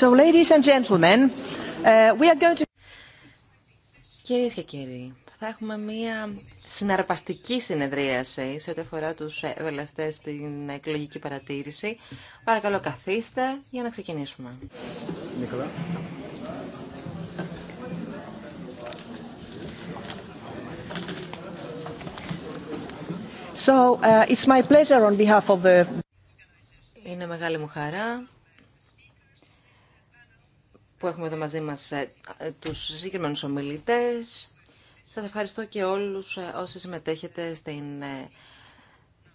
So, ladies and gentlemen, uh, we are going to... Κυρίες και κύριοι, θα έχουμε μία συναρπαστική συνεδρίαση σε ό,τι αφορά τους ευελευτές στην εκλογική παρατήρηση. Παρακαλώ καθίστε για να ξεκινήσουμε. Νίκολα. So, uh, it's my pleasure on behalf of the... Είναι μεγάλη μου χαρά που έχουμε εδώ μαζί μας ε, ε, τους συγκεκριμένους ομιλητές. θα ευχαριστώ και όλους ε, όσοι συμμετέχετε στην,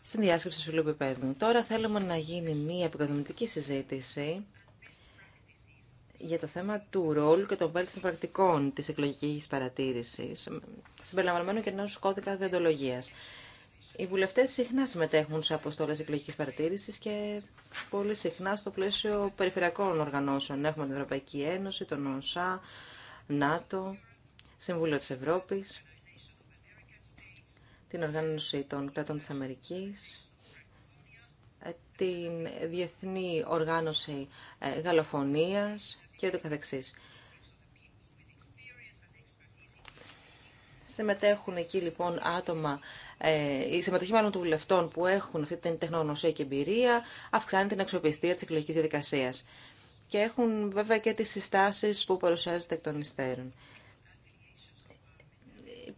στην διάσκεψη φιλού Λουπιπέδου. Τώρα θέλουμε να γίνει μία επικοδομητική συζήτηση για το θέμα του ρόλου και των βέλτιστων πρακτικών της εκλογικής παρατήρησης, συμπεριλαμβανομένου και ενός κώδικα διοντολογίας. Οι βουλευτέ συχνά συμμετέχουν σε αποστολέ εκλογική παρατήρηση και πολύ συχνά στο πλαίσιο περιφερειακών οργανώσεων. Έχουμε την Ευρωπαϊκή Ένωση, τον ΟΣΑ, ΝΑΤΟ, Συμβούλιο τη Ευρώπη, την Οργάνωση των Κρατών τη Αμερική, ε, την Διεθνή Οργάνωση ε, Γαλοφωνίας και το καθεξής. Συμμετέχουν εκεί λοιπόν άτομα, ε, η συμμετοχή μάλλον των βουλευτών που έχουν αυτή την τεχνογνωσία και εμπειρία αυξάνει την αξιοπιστία της εκλογικής διαδικασίας. Και έχουν βέβαια και τις συστάσεις που παρουσιάζεται εκ των υστέρων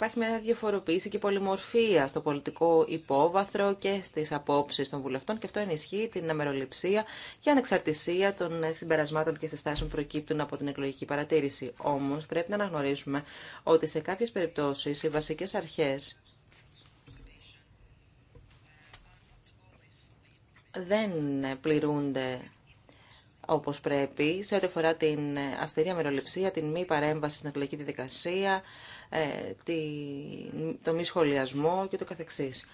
υπάρχει μια διαφοροποίηση και πολυμορφία στο πολιτικό υπόβαθρο και στις απόψεις των βουλευτών και αυτό ενισχύει την αμεροληψία και ανεξαρτησία των συμπερασμάτων και συστάσεων που προκύπτουν από την εκλογική παρατήρηση. Όμως πρέπει να αναγνωρίσουμε ότι σε κάποιες περιπτώσεις οι βασικές αρχές δεν πληρούνται όπως πρέπει σε ό,τι αφορά την αυστηρή αμεροληψία, την μη παρέμβαση στην εκλογική διαδικασία, ε, το μη σχολιασμό και το καθεξής.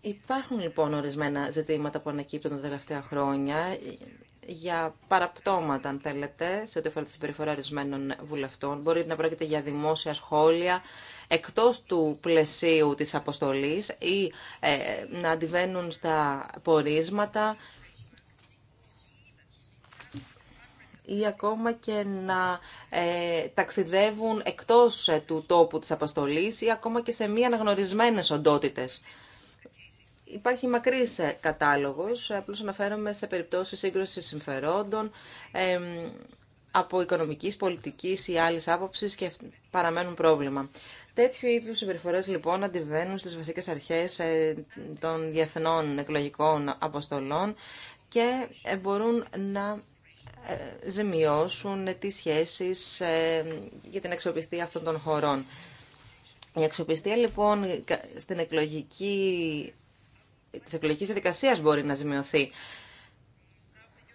Υπάρχουν λοιπόν ορισμένα ζητήματα που ανακύπτουν τα τελευταία χρόνια για παραπτώματα, αν θέλετε, σε ό,τι αφορά τη συμπεριφορά ορισμένων βουλευτών. Μπορεί να πρόκειται για δημόσια σχόλια εκτός του πλαισίου της αποστολής ή ε, να αντιβαίνουν στα πορίσματα ή ακόμα και να ε, ταξιδεύουν εκτός ε, του τόπου της αποστολής ή ακόμα και σε μη αναγνωρισμένες οντότητες. Υπάρχει μακρύς ε, κατάλογος, απλώς αναφέρομαι σε περιπτώσεις σύγκρουσης συμφερόντων, από οικονομικής, πολιτικής ή άλλης άποψης και παραμένουν πρόβλημα. Τέτοιου είδου συμπεριφορέ λοιπόν αντιβαίνουν στι βασικέ αρχέ των διεθνών εκλογικών αποστολών και μπορούν να ε, ζημιώσουν τις σχέσεις ε, για την αξιοπιστία αυτών των χωρών. Η αξιοπιστία λοιπόν στην εκλογική, της εκλογικής διαδικασίας μπορεί να ζημιωθεί.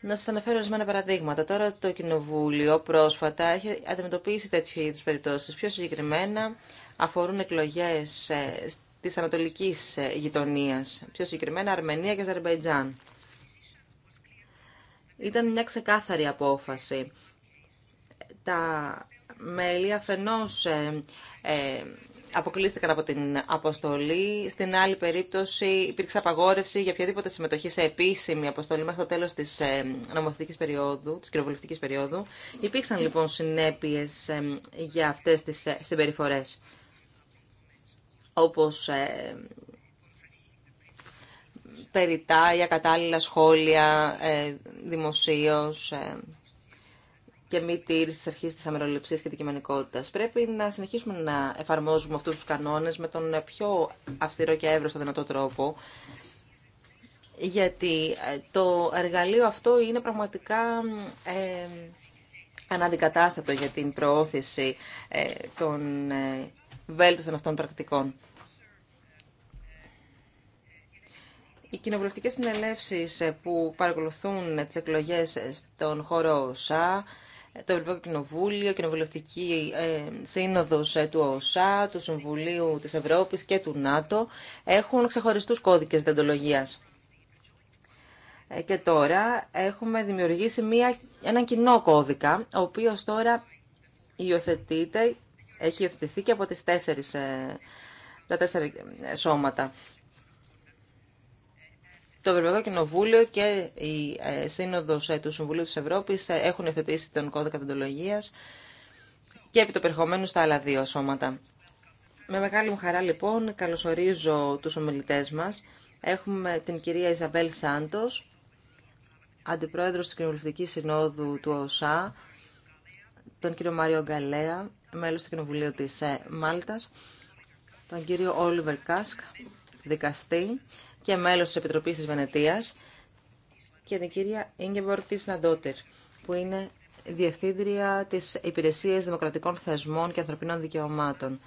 Να σας αναφέρω ορισμένα παραδείγματα. Τώρα το Κοινοβούλιο πρόσφατα έχει αντιμετωπίσει τέτοιου είδους περιπτώσεις. Πιο συγκεκριμένα αφορούν εκλογές ε, της ανατολικής γειτονίας. Πιο συγκεκριμένα Αρμενία και Αζερμπαϊτζάν. Ήταν μια ξεκάθαρη απόφαση. Τα μέλη αφενός ε, ε, αποκλείστηκαν από την αποστολή. Στην άλλη περίπτωση υπήρξε απαγόρευση για οποιαδήποτε συμμετοχή σε επίσημη αποστολή μέχρι το τέλος της ε, νομοθετικής περίοδου, της κυριοβουλευτικής περίοδου. Υπήρξαν λοιπόν συνέπειες ε, για αυτές τις ε, συμπεριφορές. Όπως περιτά για κατάλληλα σχόλια ε, δημοσίω ε, και μη τήρηση τη αρχή τη αμεροληψία και δικαιωματικότητα. Πρέπει να συνεχίσουμε να εφαρμόζουμε αυτού του κανόνε με τον πιο αυστηρό και εύρωστο δυνατό τρόπο. Γιατί ε, το εργαλείο αυτό είναι πραγματικά ε, αναντικατάστατο για την προώθηση ε, των βέλτιστων αυτών πρακτικών. Οι κοινοβουλευτικέ συνελεύσει ε, που παρακολουθούν τις εκλογές στον χώρο ΩΣΑ, το Ευρωπαϊκό Κοινοβούλιο, Κοινοβουλευτική ε, Σύνοδος ε, του ΩΣΑ, του Συμβουλίου της Ευρώπης και του ΝΑΤΟ, έχουν ξεχωριστούς κώδικες ε. Και τώρα έχουμε δημιουργήσει μια, έναν κοινό κώδικα, ο οποίος τώρα υιοθετείται, έχει υιοθετηθεί και από τις τέσσερις, τα τέσσερα σώματα το Ευρωπαϊκό Κοινοβούλιο και η ε, Σύνοδος ε, του Συμβουλίου της Ευρώπης ε, έχουν εθετήσει τον κώδικα τεντολογίας και επί το περιεχομένου στα άλλα δύο σώματα. Με μεγάλη μου χαρά λοιπόν καλωσορίζω τους ομιλητές μας. Έχουμε την κυρία Ιζαμπέλ Σάντος, Αντιπρόεδρος τη Κοινοβουλευτικής Συνόδου του ΟΣΑ, τον κύριο Μάριο Γκαλέα, μέλος του Κοινοβουλίου της Μάλτας, τον κύριο Όλιβερ Κάσκ, δικαστή, και μέλος της Επιτροπής της Βενετίας και την κυρία Ίγκεμπορ Ναντότηρ, που είναι Διευθύντρια της Υπηρεσίας Δημοκρατικών Θεσμών και Ανθρωπινών Δικαιωμάτων.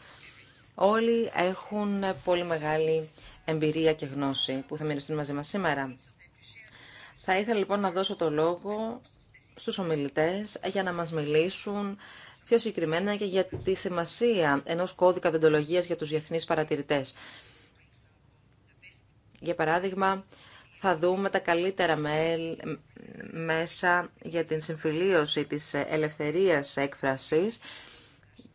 Όλοι έχουν πολύ μεγάλη εμπειρία και γνώση που θα μοιραστούν μαζί μας σήμερα. Θα ήθελα λοιπόν να δώσω το λόγο στους ομιλητές για να μας μιλήσουν πιο συγκεκριμένα και για τη σημασία ενός κώδικα δεντολογίας για τους διεθνείς παρατηρητές. Για παράδειγμα, θα δούμε τα καλύτερα μέσα για την συμφιλίωση της ελευθερίας έκφρασης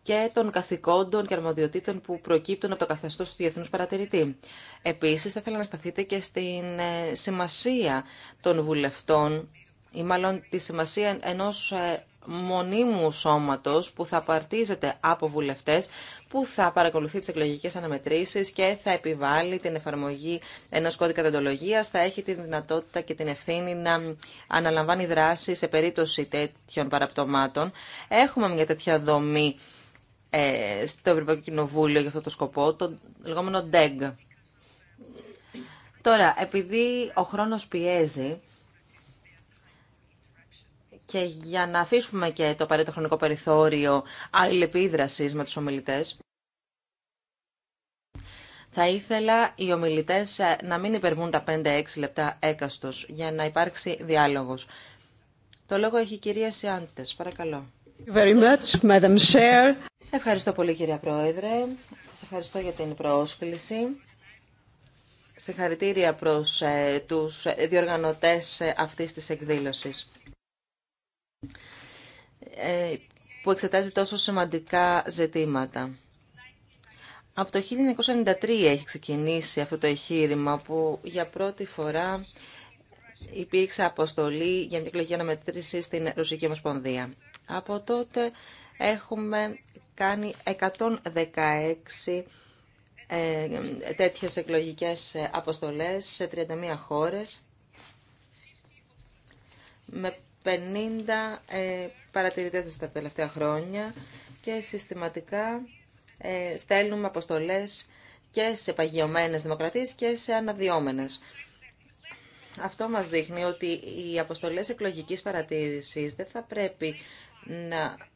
και των καθηκόντων και αρμοδιοτήτων που προκύπτουν από το καθεστώ του Διεθνού Παρατηρητή. Επίση, θα ήθελα να σταθείτε και στην ε, σημασία των βουλευτών ή μάλλον τη σημασία ενό ε, μονίμου σώματος που θα απαρτίζεται από βουλευτές που θα παρακολουθεί τις εκλογικές αναμετρήσεις και θα επιβάλλει την εφαρμογή ενός κώδικα δεντολογίας, θα έχει τη δυνατότητα και την ευθύνη να αναλαμβάνει δράση σε περίπτωση τέτοιων παραπτωμάτων. Έχουμε μια τέτοια δομή ε, στο Ευρωπαϊκό Κοινοβούλιο για αυτό το σκοπό, το λεγόμενο DEG. Τώρα, επειδή ο χρόνος πιέζει, και για να αφήσουμε και το απαραίτητο χρονικό περιθώριο αλληλεπίδραση με τους ομιλητές. Θα ήθελα οι ομιλητές ε, να μην υπερβούν τα 5-6 λεπτά έκαστος για να υπάρξει διάλογος. Το λόγο έχει η κυρία Σιάντες. Παρακαλώ. Very much, Madam Chair. Ευχαριστώ πολύ κυρία Πρόεδρε. Σας ευχαριστώ για την πρόσκληση. Συγχαρητήρια προς ε, τους ε, διοργανωτές αυτής της εκδήλωσης. Ε, που εξετάζει τόσο σημαντικά ζητήματα. Από το 1993 έχει ξεκινήσει αυτό το εγχείρημα που για πρώτη φορά υπήρξε αποστολή για μια εκλογική αναμετρήση στην Ρωσική Ομοσπονδία. Από τότε έχουμε κάνει 116 ε, τέτοιες εκλογικές αποστολές σε 31 χώρες 50 ε, παρατηρητές τα τελευταία χρόνια και συστηματικά ε, στέλνουμε αποστολές και σε παγιωμένες δημοκρατίες και σε αναδιόμενες. Αυτό μας δείχνει ότι οι αποστολές εκλογικής παρατήρησης δεν θα πρέπει να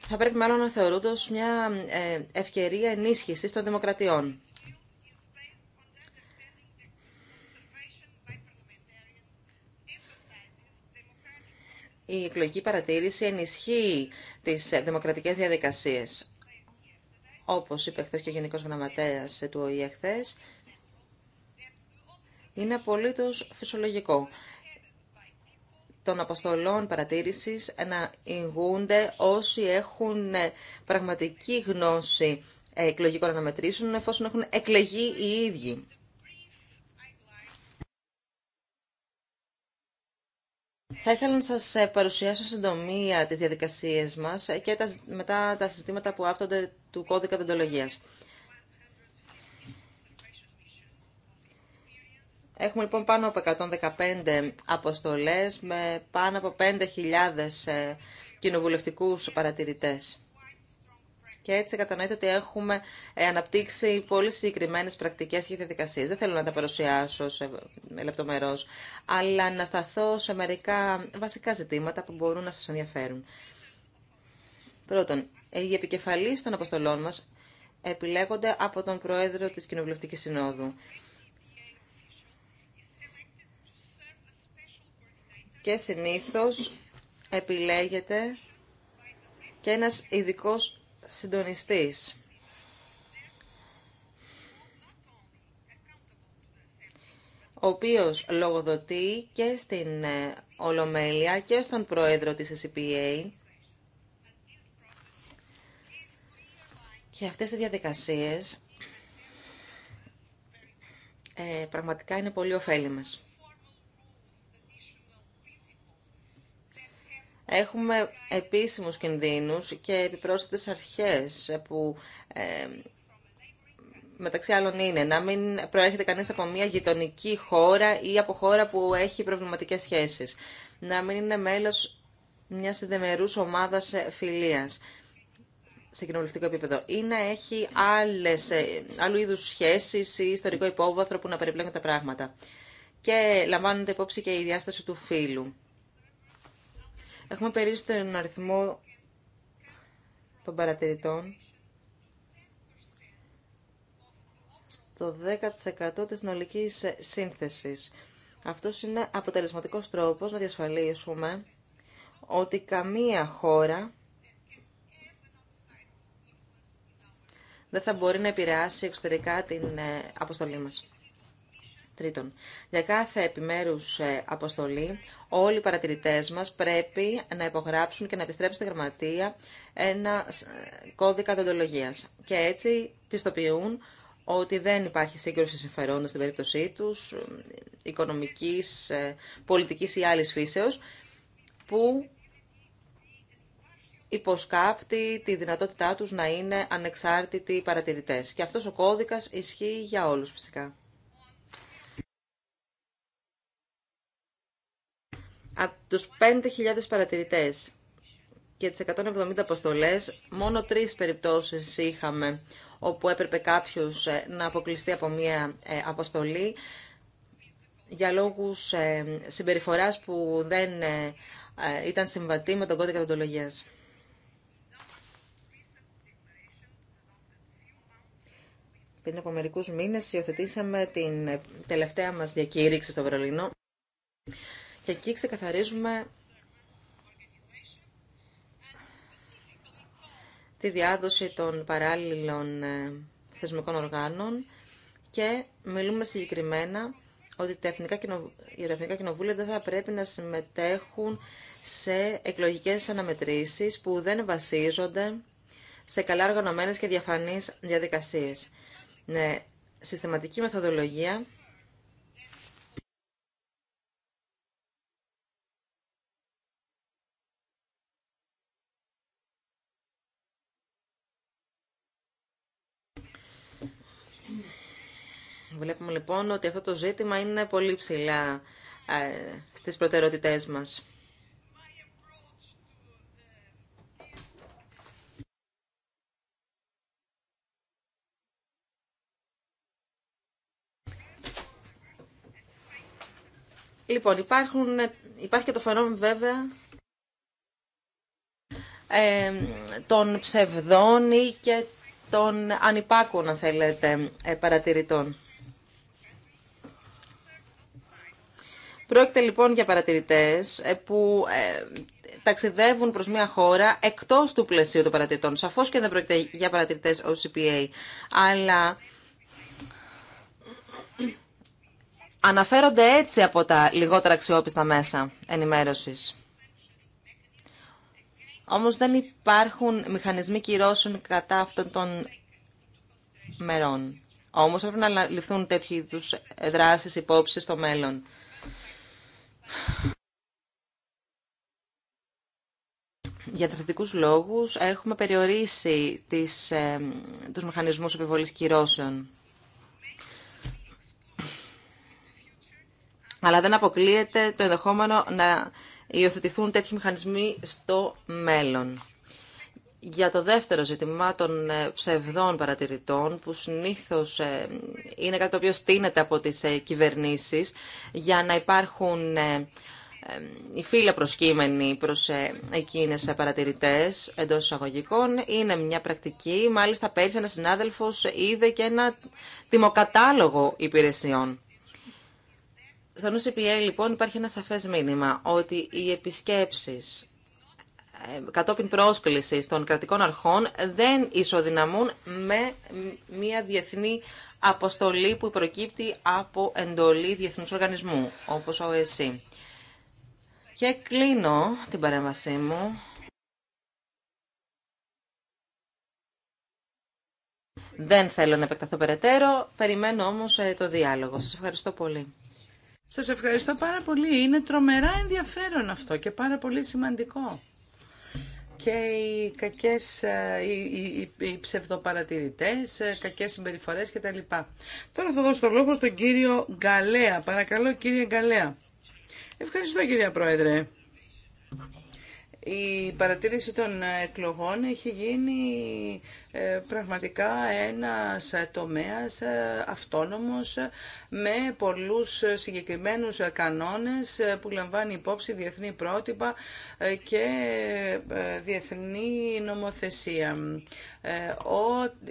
θα πρέπει μάλλον να θεωρούνται ως μια ε, ευκαιρία ενίσχυσης των δημοκρατιών. η εκλογική παρατήρηση ενισχύει τις δημοκρατικές διαδικασίες. Όπως είπε χθε και ο Γενικός Γραμματέας του ΟΗΕ χθες, είναι απολύτως φυσιολογικό των αποστολών παρατήρησης να ηγούνται όσοι έχουν πραγματική γνώση εκλογικών αναμετρήσεων εφόσον έχουν εκλεγεί οι ίδιοι. Θα ήθελα να σας ε, παρουσιάσω συντομία τις διαδικασίες μας ε, και τα, μετά τα συστήματα που άπτονται του κώδικα δεντολογίας. Έχουμε λοιπόν πάνω από 115 αποστολές με πάνω από 5.000 ε, κοινοβουλευτικούς παρατηρητές. Και έτσι κατανοείται ότι έχουμε ε, αναπτύξει πολύ συγκεκριμένε πρακτικέ και διαδικασίε. Δεν θέλω να τα παρουσιάσω σε αλλά να σταθώ σε μερικά βασικά ζητήματα που μπορούν να σα ενδιαφέρουν. Πρώτον, οι επικεφαλεί των αποστολών μα επιλέγονται από τον Πρόεδρο τη Κοινοβουλευτική Συνόδου. Και συνήθως επιλέγεται και ένας ειδικός συντονιστής. ο οποίος λογοδοτεί και στην ε, Ολομέλεια και στον Πρόεδρο της SCPA. Και αυτές οι διαδικασίες ε, πραγματικά είναι πολύ ωφέλιμες. Έχουμε επίσημους κινδύνους και επιπρόσθετες αρχές που μεταξύ άλλων είναι να μην προέρχεται κανείς από μια γειτονική χώρα ή από χώρα που έχει προβληματικές σχέσεις. Να μην είναι μέλος μιας δεμερούς ομάδας φιλίας σε κοινοβουλευτικό επίπεδο ή να έχει άλλες, ε, άλλου είδους σχέσεις ή ιστορικό υπόβαθρο που να περιπλέγουν τα πράγματα. Και λαμβάνονται υπόψη και η διάσταση του φίλου. Έχουμε περίπου τον αριθμό των παρατηρητών στο 10% της συνολικής σύνθεσης. Αυτός είναι αποτελεσματικός τρόπος να διασφαλίσουμε ότι καμία χώρα δεν θα μπορεί να επηρεάσει εξωτερικά την ε, αποστολή μας. Τρίτον, για κάθε επιμέρους ε, αποστολή, όλοι οι παρατηρητές μας πρέπει να υπογράψουν και να επιστρέψουν στη γραμματεία ένα ε, κώδικα δοντολογίας. Και έτσι πιστοποιούν ότι δεν υπάρχει σύγκρουση συμφερόντων στην περίπτωσή τους, ε, οικονομικής, πολιτικής ή άλλης φύσεως, που υποσκάπτει τη δυνατότητά τους να είναι ανεξάρτητοι παρατηρητές. Και αυτός ο κώδικας ισχύει για όλους φυσικά. Από τους 5.000 παρατηρητές και τις 170 αποστολές, μόνο τρεις περιπτώσεις είχαμε όπου έπρεπε κάποιος ε, να αποκλειστεί από μία ε, αποστολή για λόγους ε, συμπεριφοράς που δεν ήταν συμβατή με τον κώδικα τοντολογίας. Πριν από μερικούς μήνες υιοθετήσαμε την τελευταία μας διακήρυξη στο Βερολίνο και εκεί ξεκαθαρίζουμε τη διάδοση των παράλληλων ε, θεσμικών οργάνων και μιλούμε συγκεκριμένα ότι τα εθνικά, τα εθνικά κοινοβούλια δεν θα πρέπει να συμμετέχουν σε εκλογικές αναμετρήσεις που δεν βασίζονται σε καλά οργανωμένες και διαφανείς διαδικασίες. Ναι, συστηματική μεθοδολογία Βλέπουμε λοιπόν ότι αυτό το ζήτημα είναι πολύ ψηλά ε, στις προτεραιότητές μας. Λοιπόν, υπάρχουν, υπάρχει και το φαινόμενο βέβαια ε, των ψευδών ή και των ανυπάκων, αν θέλετε, ε, παρατηρητών. Πρόκειται λοιπόν για παρατηρητές ε, που ε, ταξιδεύουν προς μια χώρα εκτός του πλαισίου των παρατηρητών. Σαφώς και δεν πρόκειται για παρατηρητές OCPA, αλλά αναφέρονται έτσι από τα λιγότερα αξιόπιστα μέσα ενημέρωσης. Όμως δεν υπάρχουν μηχανισμοί κυρώσεων κατά αυτών των μερών. Όμως πρέπει να ληφθούν τέτοιου είδου δράσεις υπόψη στο μέλλον. Για τεχνικούς λόγους έχουμε περιορίσει τις, ε, τους μηχανισμούς επιβολής κυρώσεων. Αλλά δεν αποκλείεται το ενδεχόμενο να υιοθετηθούν τέτοιοι μηχανισμοί στο μέλλον για το δεύτερο ζήτημα των ε, ψευδών παρατηρητών, που συνήθως ε, είναι κάτι το οποίο στείνεται από τις ε, κυβερνήσεις για να υπάρχουν οι φύλλα προσκύμενοι προς εκείνες παρατηρητές εντός εισαγωγικών είναι μια πρακτική. Μάλιστα πέρυσι ένας συνάδελφος είδε και ένα τιμοκατάλογο υπηρεσιών. Σαν OCPA λοιπόν υπάρχει ένα σαφές μήνυμα ότι οι επισκέψεις ε, κατόπιν πρόσκληση των κρατικών αρχών δεν ισοδυναμούν με μια διεθνή αποστολή που προκύπτει από εντολή διεθνούς οργανισμού, όπως ο ΕΣΥ. Και κλείνω την παρέμβασή μου Δεν θέλω να επεκταθώ περαιτέρω, περιμένω όμως ε, το διάλογο. Σας ευχαριστώ πολύ. Σας ευχαριστώ πάρα πολύ. Είναι τρομερά ενδιαφέρον αυτό και πάρα πολύ σημαντικό και οι κακές, ε, οι, οι, ψευδοπαρατηρητές, ε, κακές συμπεριφορές κτλ. Τώρα θα δώσω το λόγο στον κύριο Γκαλέα. Παρακαλώ κύριε Γκαλέα. Ευχαριστώ κύριε Πρόεδρε. Η παρατήρηση των εκλογών έχει γίνει ε, πραγματικά ένας τομέας ε, αυτόνομος με πολλούς συγκεκριμένους κανόνες ε, που λαμβάνει υπόψη διεθνή πρότυπα και διεθνή νομοθεσία.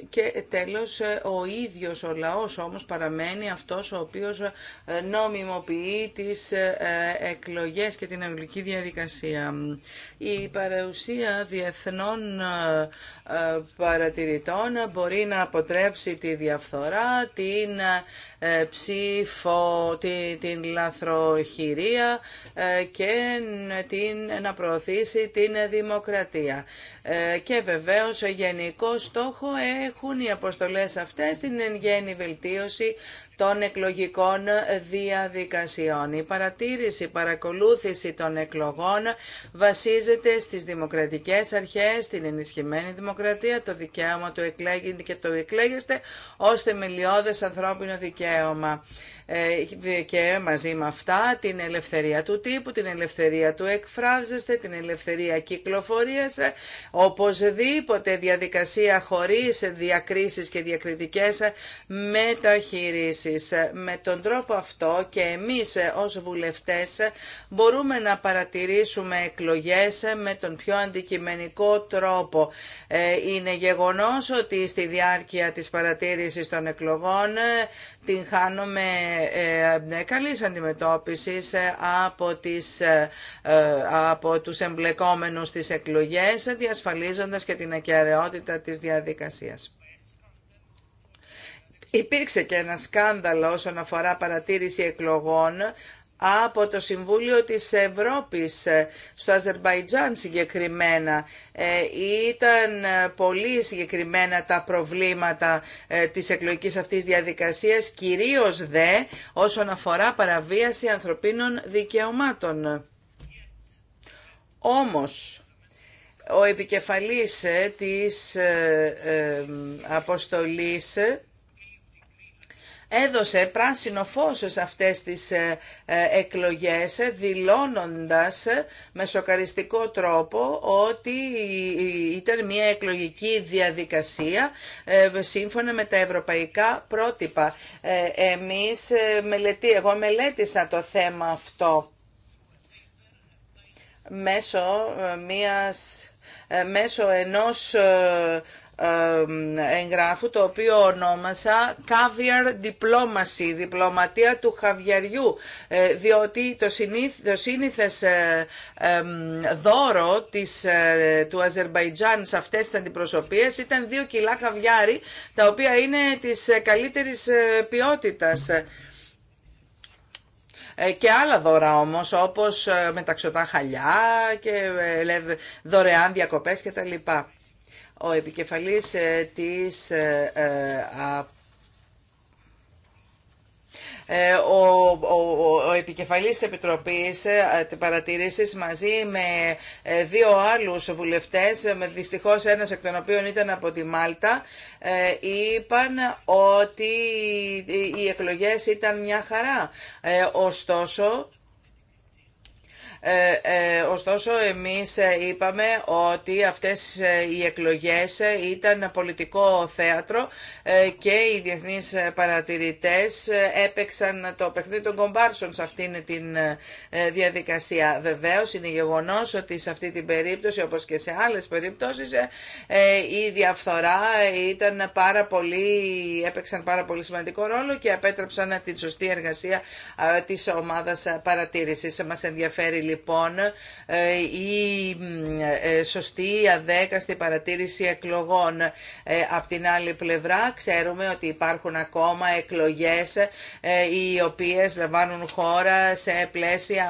Και τέλος ο ίδιος ο λαός όμως παραμένει αυτός ο οποίος νομιμοποιεί τις εκλογές και την αγγλική διαδικασία. Η παρουσία διεθνών παρατηρήσεων μπορεί να αποτρέψει τη διαφθορά, την ε, ψήφο, την, λαθροχειρία ε, και την, να προωθήσει την δημοκρατία. Ε, και βεβαίως γενικό στόχο έχουν οι αποστολές αυτές την εν γέννη βελτίωση των εκλογικών διαδικασιών. Η παρατήρηση, παρακολούθηση των εκλογών βασίζεται στις δημοκρατικές αρχές, την ενισχυμένη δημοκρατία, το δικαίωμα του εκλέγει και το εκλέγεστε ως θεμελιώδες ανθρώπινο δικαίωμα. Ε, και μαζί με αυτά την ελευθερία του τύπου, την ελευθερία του εκφράζεστε, την ελευθερία κυκλοφορίας, οπωσδήποτε διαδικασία χωρίς διακρίσεις και διακριτικές μεταχειρήσεις. Με τον τρόπο αυτό και εμείς ως βουλευτές μπορούμε να παρατηρήσουμε εκλογές με τον πιο αντικειμενικό τρόπο. Ε, είναι γεγονός ότι στη διάρκεια της παρατήρησης των εκλογών ε, την χάνουμε ε, ε, καλής αντιμετώπισης ε, από, τις, από τους εμπλεκόμενους στις εκλογές, διασφαλίζοντας και την ακαιρεότητα της διαδικασίας. Υπήρξε και ένα σκάνδαλο όσον αφορά παρατήρηση εκλογών από το Συμβούλιο της Ευρώπης ε, στο Αζερμπαϊτζάν συγκεκριμένα. Ε, ήταν ε, πολύ συγκεκριμένα τα προβλήματα της εκλογικής αυτής διαδικασίας, κυρίως δε όσον αφορά παραβίαση ανθρωπίνων δικαιωμάτων. Όμως, ο επικεφαλής της αποστολής έδωσε πράσινο φως σε αυτές τις ε, ε, εκλογές δηλώνοντας με σοκαριστικό τρόπο ότι ήταν μια εκλογική διαδικασία ε, σύμφωνα με τα ευρωπαϊκά πρότυπα. Εμείς μελετή, εγώ μελέτησα το θέμα αυτό μέσω μιας μέσω ενός εγγράφου το οποίο ονόμασα Caviar Diplomacy, διπλωματία του χαβιαριού, ε, διότι το, συνήθ, σύνηθες ε, δώρο της, ε, του Αζερμπαϊτζάν σε αυτές τις αντιπροσωπίες ήταν δύο κιλά χαβιάρι, τα οποία είναι της καλύτερης ποιότητας και άλλα δώρα όμως όπως μεταξωτά χαλιά και δωρεάν διακοπές κτλ. Ο επικεφαλής της ο, ο, ο Επιτροπής ε, παρατηρήσεις μαζί με ε, δύο άλλους βουλευτές, με δυστυχώς ένας εκ των οποίων ήταν από τη Μάλτα, ε, είπαν ότι οι εκλογές ήταν μια χαρά. Ωστόσο, ε, ε, ωστόσο εμείς ε, είπαμε ότι αυτές οι εκλογές ήταν πολιτικό θέατρο και οι διεθνείς παρατηρητές έπαιξαν το παιχνίδι των κομπάρσων σε αυτήν την διαδικασία. Βεβαίως είναι γεγονός ότι σε αυτή την περίπτωση όπως και σε άλλες περιπτώσεις η διαφθορά ήταν πάρα πολύ, έπαιξαν πάρα πολύ σημαντικό ρόλο και απέτρεψαν την σωστή εργασία της ομάδας παρατήρησης. Μας ενδιαφέρει λοιπόν, λοιπόν ε, η ε, σωστή, αδέκαστη παρατήρηση εκλογών. Ε, Από την άλλη πλευρά ξέρουμε ότι υπάρχουν ακόμα εκλογές οι οποίες λαμβάνουν χώρα σε πλαίσια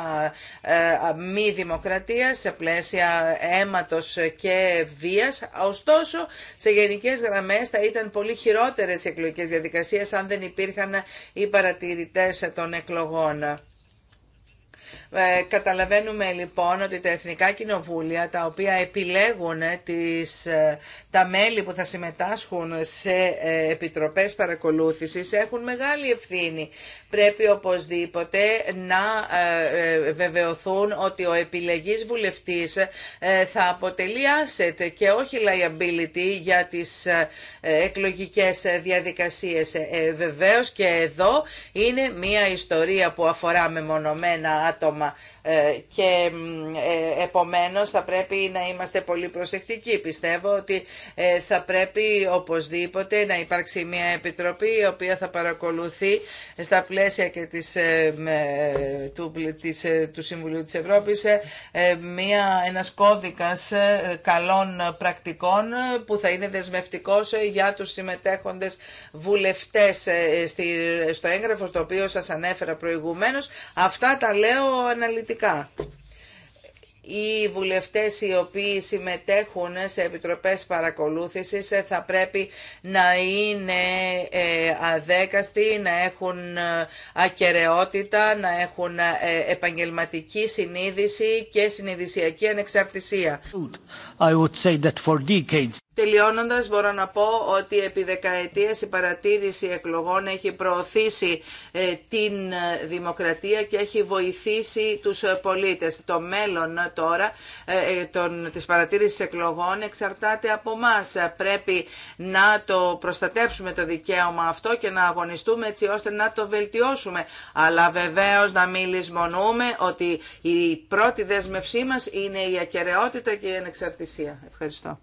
μη δημοκρατίας, σε πλαίσια αίματος και βίας. Ωστόσο, σε γενικές γραμμές θα ήταν πολύ χειρότερες εκλογικές διαδικασίες αν δεν υπήρχαν οι παρατηρητές των εκλογών. Ε, καταλαβαίνουμε λοιπόν ότι τα εθνικά κοινοβούλια τα οποία επιλέγουν ε, τις, ε, τα μέλη που θα συμμετάσχουν σε επιτροπές παρακολούθησης έχουν μεγάλη ευθύνη. Πρέπει οπωσδήποτε να βεβαιωθούν ότι ο επιλεγής βουλευτής θα αποτελεί asset και όχι liability για τις εκλογικές διαδικασίες. Βεβαίως και εδώ είναι μια ιστορία που αφορά μεμονωμένα άτομα ά. Ε, και ε, επομένως θα πρέπει να είμαστε πολύ προσεκτικοί. Πιστεύω ότι ε, θα πρέπει οπωσδήποτε να υπάρξει μια επιτροπή η οποία θα παρακολουθεί στα πλαίσια και της, του, της, Συμβουλίου της Ευρώπης μια, ένας κώδικας καλών πρακτικών που θα είναι δεσμευτικός για τους συμμετέχοντες βουλευτές στο έγγραφο το οποίο σας ανέφερα προηγουμένως. Αυτά τα λέω αναλυτικά οι βουλευτές οι οποίοι συμμετέχουν σε επιτροπές παρακολούθησης ε, θα πρέπει να είναι ε, αδέκαστοι, να έχουν ε, ακαιρεότητα, να έχουν επαγγελματική συνείδηση και συνειδησιακή ανεξαρτησία. I Τελειώνοντας μπορώ να πω ότι επί δεκαετίες η παρατήρηση εκλογών έχει προωθήσει ε, την ε, δημοκρατία και έχει βοηθήσει τους ε, πολίτες. Το μέλλον τώρα τον, της παρατήρησης εκλογών εξαρτάται από μας. Πρέπει να το προστατέψουμε το δικαίωμα αυτό και να αγωνιστούμε έτσι ώστε να το βελτιώσουμε. Αλλά βεβαίως να μην λησμονούμε ότι η πρώτη δέσμευσή μας είναι η ακαιρεότητα και η ανεξαρτησία. Ευχαριστώ.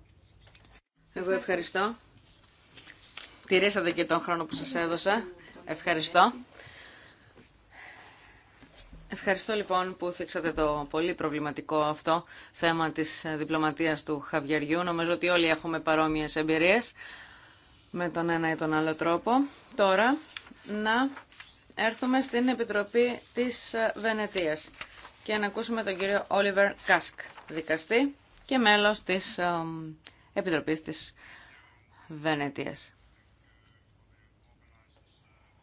Εγώ ευχαριστώ. Τηρήσατε και τον χρόνο που σας έδωσα. Ευχαριστώ. Ευχαριστώ λοιπόν που θίξατε το πολύ προβληματικό αυτό θέμα της διπλωματίας του Χαβιαριού. Νομίζω ότι όλοι έχουμε παρόμοιες εμπειρίες με τον ένα ή τον άλλο τρόπο. Τώρα να έρθουμε στην Επιτροπή της Βενετίας και να ακούσουμε τον κύριο Όλιβερ Κάσκ, δικαστή και μέλος της Επιτροπής της Βενετίας.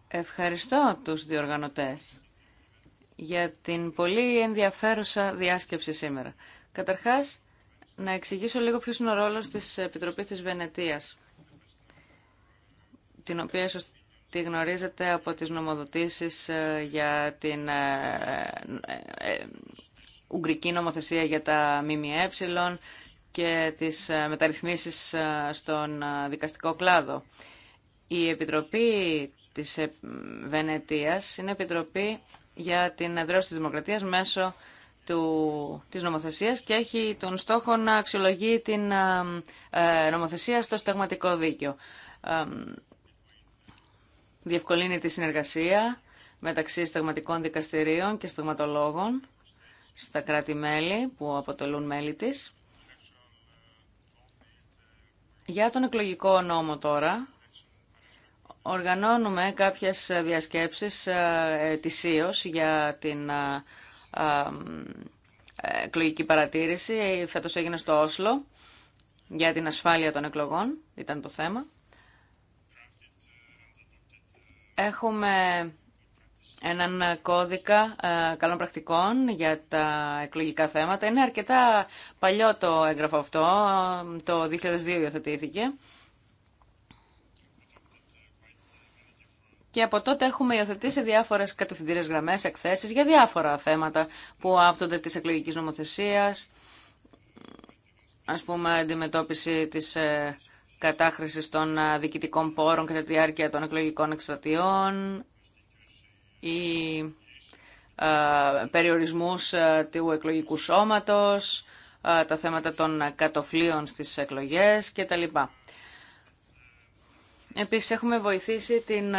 Ευχαριστώ τους διοργανωτές για την πολύ ενδιαφέρουσα διάσκεψη σήμερα. Καταρχάς, να εξηγήσω λίγο ποιος είναι ο ρόλος της Επιτροπής της Βενετίας, την οποία ίσως τη γνωρίζετε από τις νομοδοτήσεις ε, για την ε, ε, Ουγγρική νομοθεσία για τα ΜΜΕ, και τις ε, μεταρρυθμίσεις ε, στον ε, δικαστικό κλάδο. Η Επιτροπή της Βενετίας είναι Επιτροπή για την εδραίωση της Δημοκρατίας μέσω του, της νομοθεσίας και έχει τον στόχο να αξιολογεί την νομοθεσία στο στεγματικό δίκαιο. διευκολύνει τη συνεργασία μεταξύ στεγματικών δικαστηρίων και στεγματολόγων στα κράτη-μέλη που αποτελούν μέλη της για τον εκλογικό νόμο τώρα, οργανώνουμε κάποιες διασκέψεις ε, ετησίως για την ε, ε, εκλογική παρατήρηση. Φέτος έγινε στο Όσλο για την ασφάλεια των εκλογών, ήταν το θέμα. Έχουμε έναν κώδικα ε, καλών πρακτικών για τα εκλογικά θέματα. Είναι αρκετά παλιό το έγγραφο αυτό, το 2002 υιοθετήθηκε. Και από τότε έχουμε υιοθετήσει διάφορε κατευθυντήρε γραμμέ, εκθέσει για διάφορα θέματα που άπτονται τη εκλογική νομοθεσία, α πούμε, αντιμετώπιση τη ε, κατάχρηση των ε, διοικητικών πόρων κατά τη διάρκεια των εκλογικών εκστρατιών, ή ε, περιορισμούς ε, του εκλογικού σώματος, ε, τα θέματα των κατοφλίων στις εκλογές κτλ. Επίσης έχουμε βοηθήσει την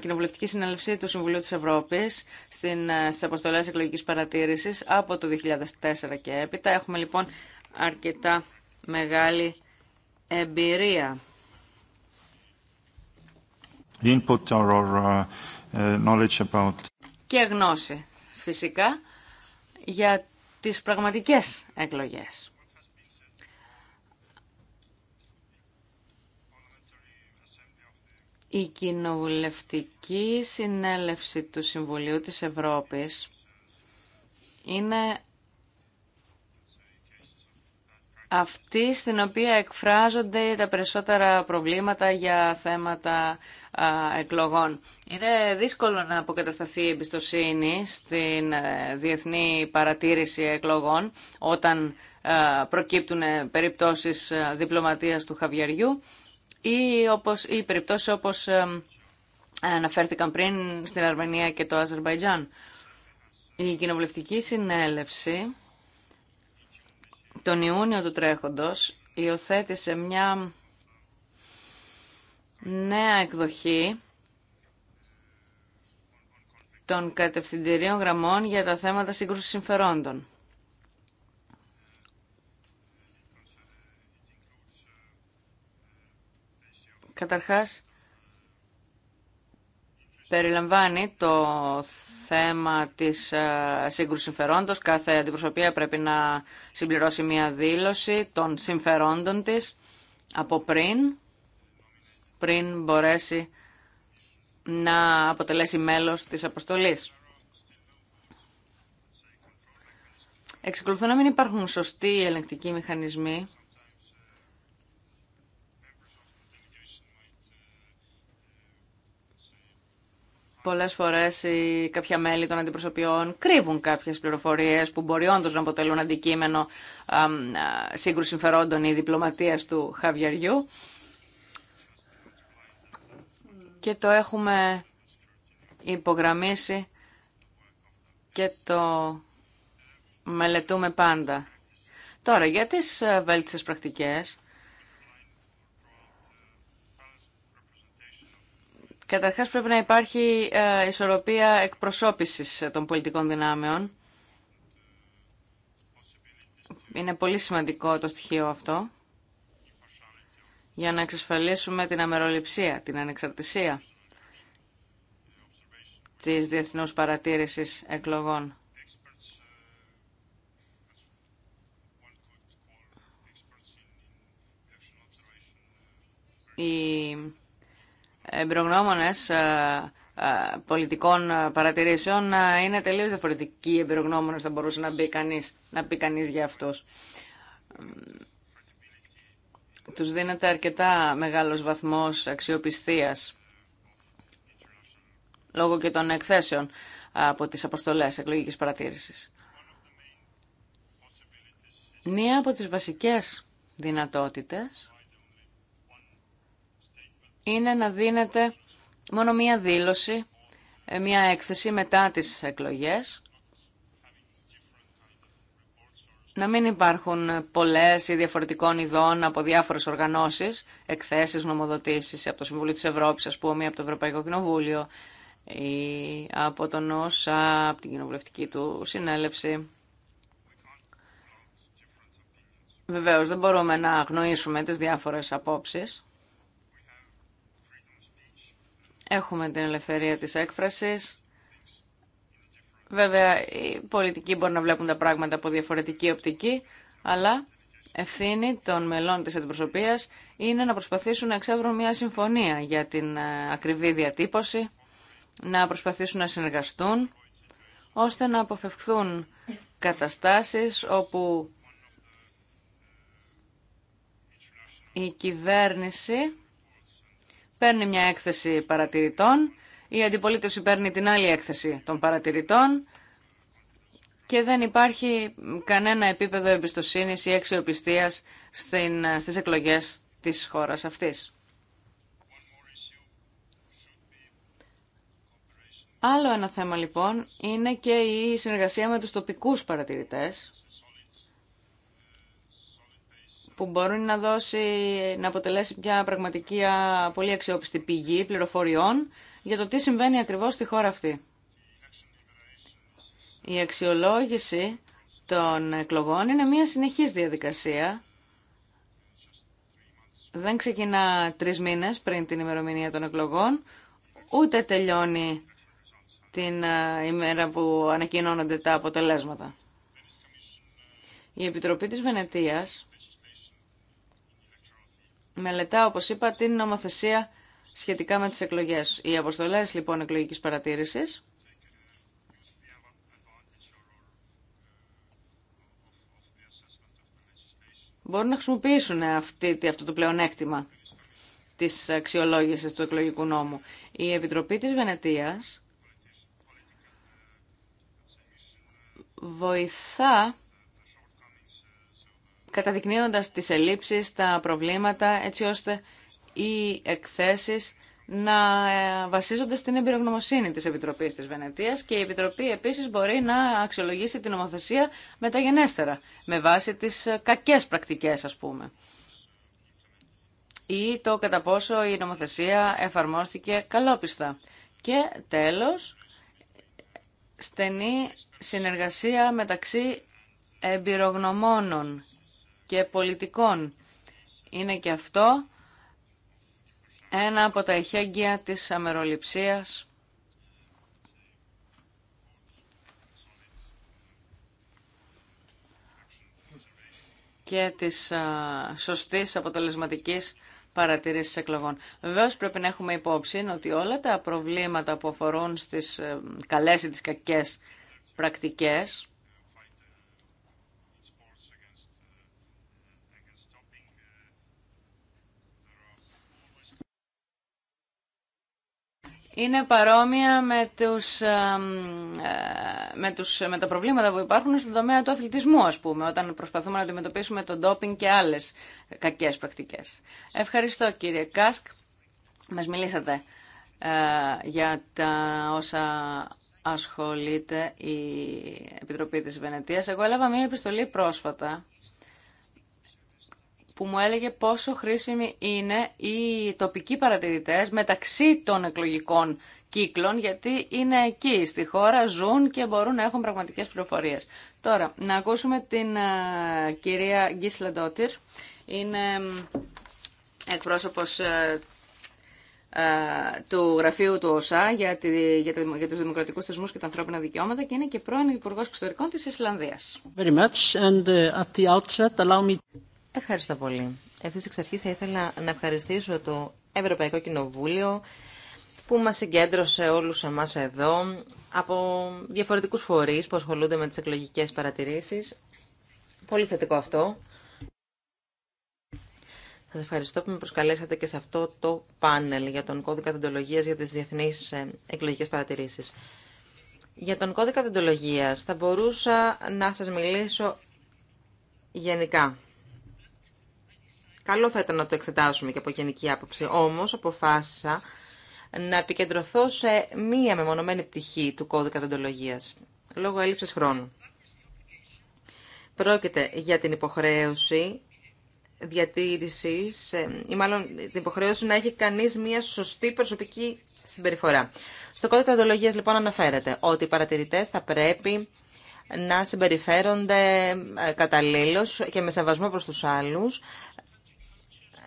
κοινοβουλευτική συνέλευση του Συμβουλίου της Ευρώπης στην, στις αποστολές εκλογικής παρατήρησης από το 2004 και έπειτα. Έχουμε λοιπόν αρκετά μεγάλη εμπειρία. Ε, knowledge about... και γνώση φυσικά για τις πραγματικές εκλογές. Η Κοινοβουλευτική Συνέλευση του Συμβουλίου της Ευρώπης είναι αυτή στην οποία εκφράζονται τα περισσότερα προβλήματα για θέματα εκλογών. Είναι δύσκολο να αποκατασταθεί η εμπιστοσύνη στην ε, διεθνή παρατήρηση εκλογών όταν ε, προκύπτουν ε, περιπτώσεις διπλωματίας του χαβιαριού ή, όπως, ή περιπτώσεις όπως αναφέρθηκαν πριν στην Αρμενία και το Αζερβαϊτζάν. Η κοινοβουλευτική συνέλευση τον Ιούνιο του τρέχοντος υιοθέτησε μια νέα εκδοχή των κατευθυντηρίων γραμμών για τα θέματα σύγκρουση συμφερόντων. Καταρχάς, περιλαμβάνει το θέμα της ε, σύγκρουσης συμφερόντος. Κάθε αντιπροσωπεία πρέπει να συμπληρώσει μία δήλωση των συμφερόντων της από πριν, πριν μπορέσει να αποτελέσει μέλος της αποστολής. Εξακολουθούν να μην υπάρχουν σωστοί ελεγκτικοί μηχανισμοί Πολλέ φορέ κάποια μέλη των αντιπροσωπιών κρύβουν κάποιε πληροφορίε που μπορεί όντω να αποτελούν αντικείμενο σύγκρουση συμφερόντων ή διπλωματία του Χαβιαριού. Και το έχουμε υπογραμμίσει και το μελετούμε πάντα. Τώρα, για τις ε, βέλτιστες πρακτικές Καταρχάς πρέπει να υπάρχει ε, ισορροπία εκπροσώπησης των πολιτικών δυνάμεων. Είναι πολύ σημαντικό το στοιχείο αυτό για να εξασφαλίσουμε την αμεροληψία, την ανεξαρτησία της διεθνούς παρατήρησης εκλογών. Οι εμπειρογνώμονε ε, ε, πολιτικών ε, παρατηρήσεων είναι τελείως διαφορετικοί οι εμπειρογνώμονες θα μπορούσε να, μπει κανείς, να πει κανεί για αυτούς. Τους δίνεται αρκετά μεγάλος βαθμός αξιοπιστίας λόγω και των εκθέσεων από τις αποστολές εκλογικής παρατήρησης. Μία από τις βασικές δυνατότητες είναι να δίνεται μόνο μία δήλωση, ε, μία έκθεση μετά τις εκλογές. Να μην υπάρχουν πολλές ή διαφορετικών ειδών από διάφορες οργανώσεις, εκθέσεις, νομοδοτήσεις από το Συμβούλιο της Ευρώπης, ας πούμε, από το Ευρωπαϊκό Κοινοβούλιο ή από τον ΩΣΑ, από την κοινοβουλευτική του συνέλευση. Βεβαίως δεν μπορούμε να αγνοήσουμε τις διάφορες απόψεις. Έχουμε την ελευθερία της έκφρασης. Βέβαια, οι πολιτικοί μπορούν να βλέπουν τα πράγματα από διαφορετική οπτική, αλλά ευθύνη των μελών της αντιπροσωπείας είναι να προσπαθήσουν να εξεύρουν μια συμφωνία για την ε, ακριβή διατύπωση, να προσπαθήσουν να συνεργαστούν, ώστε να αποφευχθούν καταστάσεις όπου η κυβέρνηση παίρνει μια έκθεση παρατηρητών, η αντιπολίτευση παίρνει την άλλη έκθεση των παρατηρητών και δεν υπάρχει κανένα επίπεδο εμπιστοσύνης ή αξιοπιστίας στην, στις εκλογές της χώρας αυτής. Άλλο ένα θέμα λοιπόν είναι και η συνεργασία με τους τοπικούς παρατηρητές που μπορούν να, δώσει, να αποτελέσει μια πραγματική πολύ αξιόπιστη πηγή πληροφοριών για το τι συμβαίνει ακριβώς στη χώρα αυτή. Η αξιολόγηση των εκλογών είναι μια συνεχής διαδικασία. Δεν ξεκινά τρεις μήνες πριν την ημερομηνία των εκλογών, ούτε τελειώνει την ημέρα που ανακοινώνονται τα αποτελέσματα. Η Επιτροπή της Βενετίας μελετά, όπως είπα, την νομοθεσία σχετικά με τις εκλογές. Οι αποστολές λοιπόν εκλογικής παρατήρησης μπορούν να χρησιμοποιήσουν αυτή, αυτό το πλεονέκτημα της αξιολόγησης του εκλογικού νόμου. Η Επιτροπή της Βενετίας βοηθά καταδεικνύοντας τις ελλείψεις, τα προβλήματα, έτσι ώστε οι εκθέσεις να ε, βασίζονται στην εμπειρογνωμοσύνη της Επιτροπής της Βενετίας και η Επιτροπή επίσης μπορεί να αξιολογήσει την νομοθεσία μεταγενέστερα, με βάση τις ε, κακές πρακτικές ας πούμε ή το κατά πόσο η νομοθεσία εφαρμόστηκε καλόπιστα. Και τέλος, στενή συνεργασία μεταξύ εμπειρογνωμόνων και πολιτικών. Είναι και αυτό ένα από τα εχέγγυα της αμεροληψίας και της σωστής αποτελεσματικής παρατηρήσης εκλογών. Βεβαίως πρέπει να έχουμε υπόψη ότι όλα τα προβλήματα που αφορούν στις ε, καλές ή τις κακές πρακτικές είναι παρόμοια με, τους, ε, με, τους, με τα προβλήματα που υπάρχουν στον τομέα του αθλητισμού, ας πούμε, όταν προσπαθούμε να αντιμετωπίσουμε το ντόπινγκ και άλλες κακές πρακτικές. Ευχαριστώ κύριε Κάσκ. Μας μιλήσατε ε, για τα όσα ασχολείται η Επιτροπή της Βενετίας. Εγώ έλαβα μία επιστολή πρόσφατα που μου έλεγε πόσο χρήσιμοι είναι οι τοπικοί παρατηρητές μεταξύ των εκλογικών κύκλων, γιατί είναι εκεί στη χώρα, ζουν και μπορούν να έχουν πραγματικές πληροφορίες. Τώρα, να ακούσουμε την ε, κυρία Γκίσλα Ντότυρ. Είναι εκπρόσωπος ε, ε, του γραφείου του ΟΣΑ για, τη, για, για τους δημοκρατικούς θεσμούς και τα ανθρώπινα δικαιώματα και είναι και πρώην Υπουργός Εξωτερικών της Ισλανδίας. Ευχαριστώ πολύ. Ευθύς εξ αρχής θα ήθελα να ευχαριστήσω το Ευρωπαϊκό Κοινοβούλιο που μας συγκέντρωσε όλους εμάς εδώ από διαφορετικούς φορείς που ασχολούνται με τις εκλογικές παρατηρήσεις. Πολύ θετικό αυτό. Σα ευχαριστώ που με προσκαλέσατε και σε αυτό το πάνελ για τον κώδικα δεντολογία για τι διεθνεί ε, εκλογικέ παρατηρήσει. Για τον κώδικα δεντολογία θα μπορούσα να σα μιλήσω γενικά. Καλό θα ήταν να το εξετάσουμε και από γενική άποψη. Όμως αποφάσισα να επικεντρωθώ σε μία μεμονωμένη πτυχή του κώδικα δοντολογίας, λόγω έλλειψη χρόνου. Πρόκειται για την υποχρέωση διατήρησης, ε, ή μάλλον την υποχρέωση να έχει κανείς μία σωστή προσωπική συμπεριφορά. Στο κώδικα δοντολογίας λοιπόν αναφέρεται ότι οι παρατηρητέ θα πρέπει να συμπεριφέρονται ε, καταλήλως και με σεβασμό προς τους άλλους,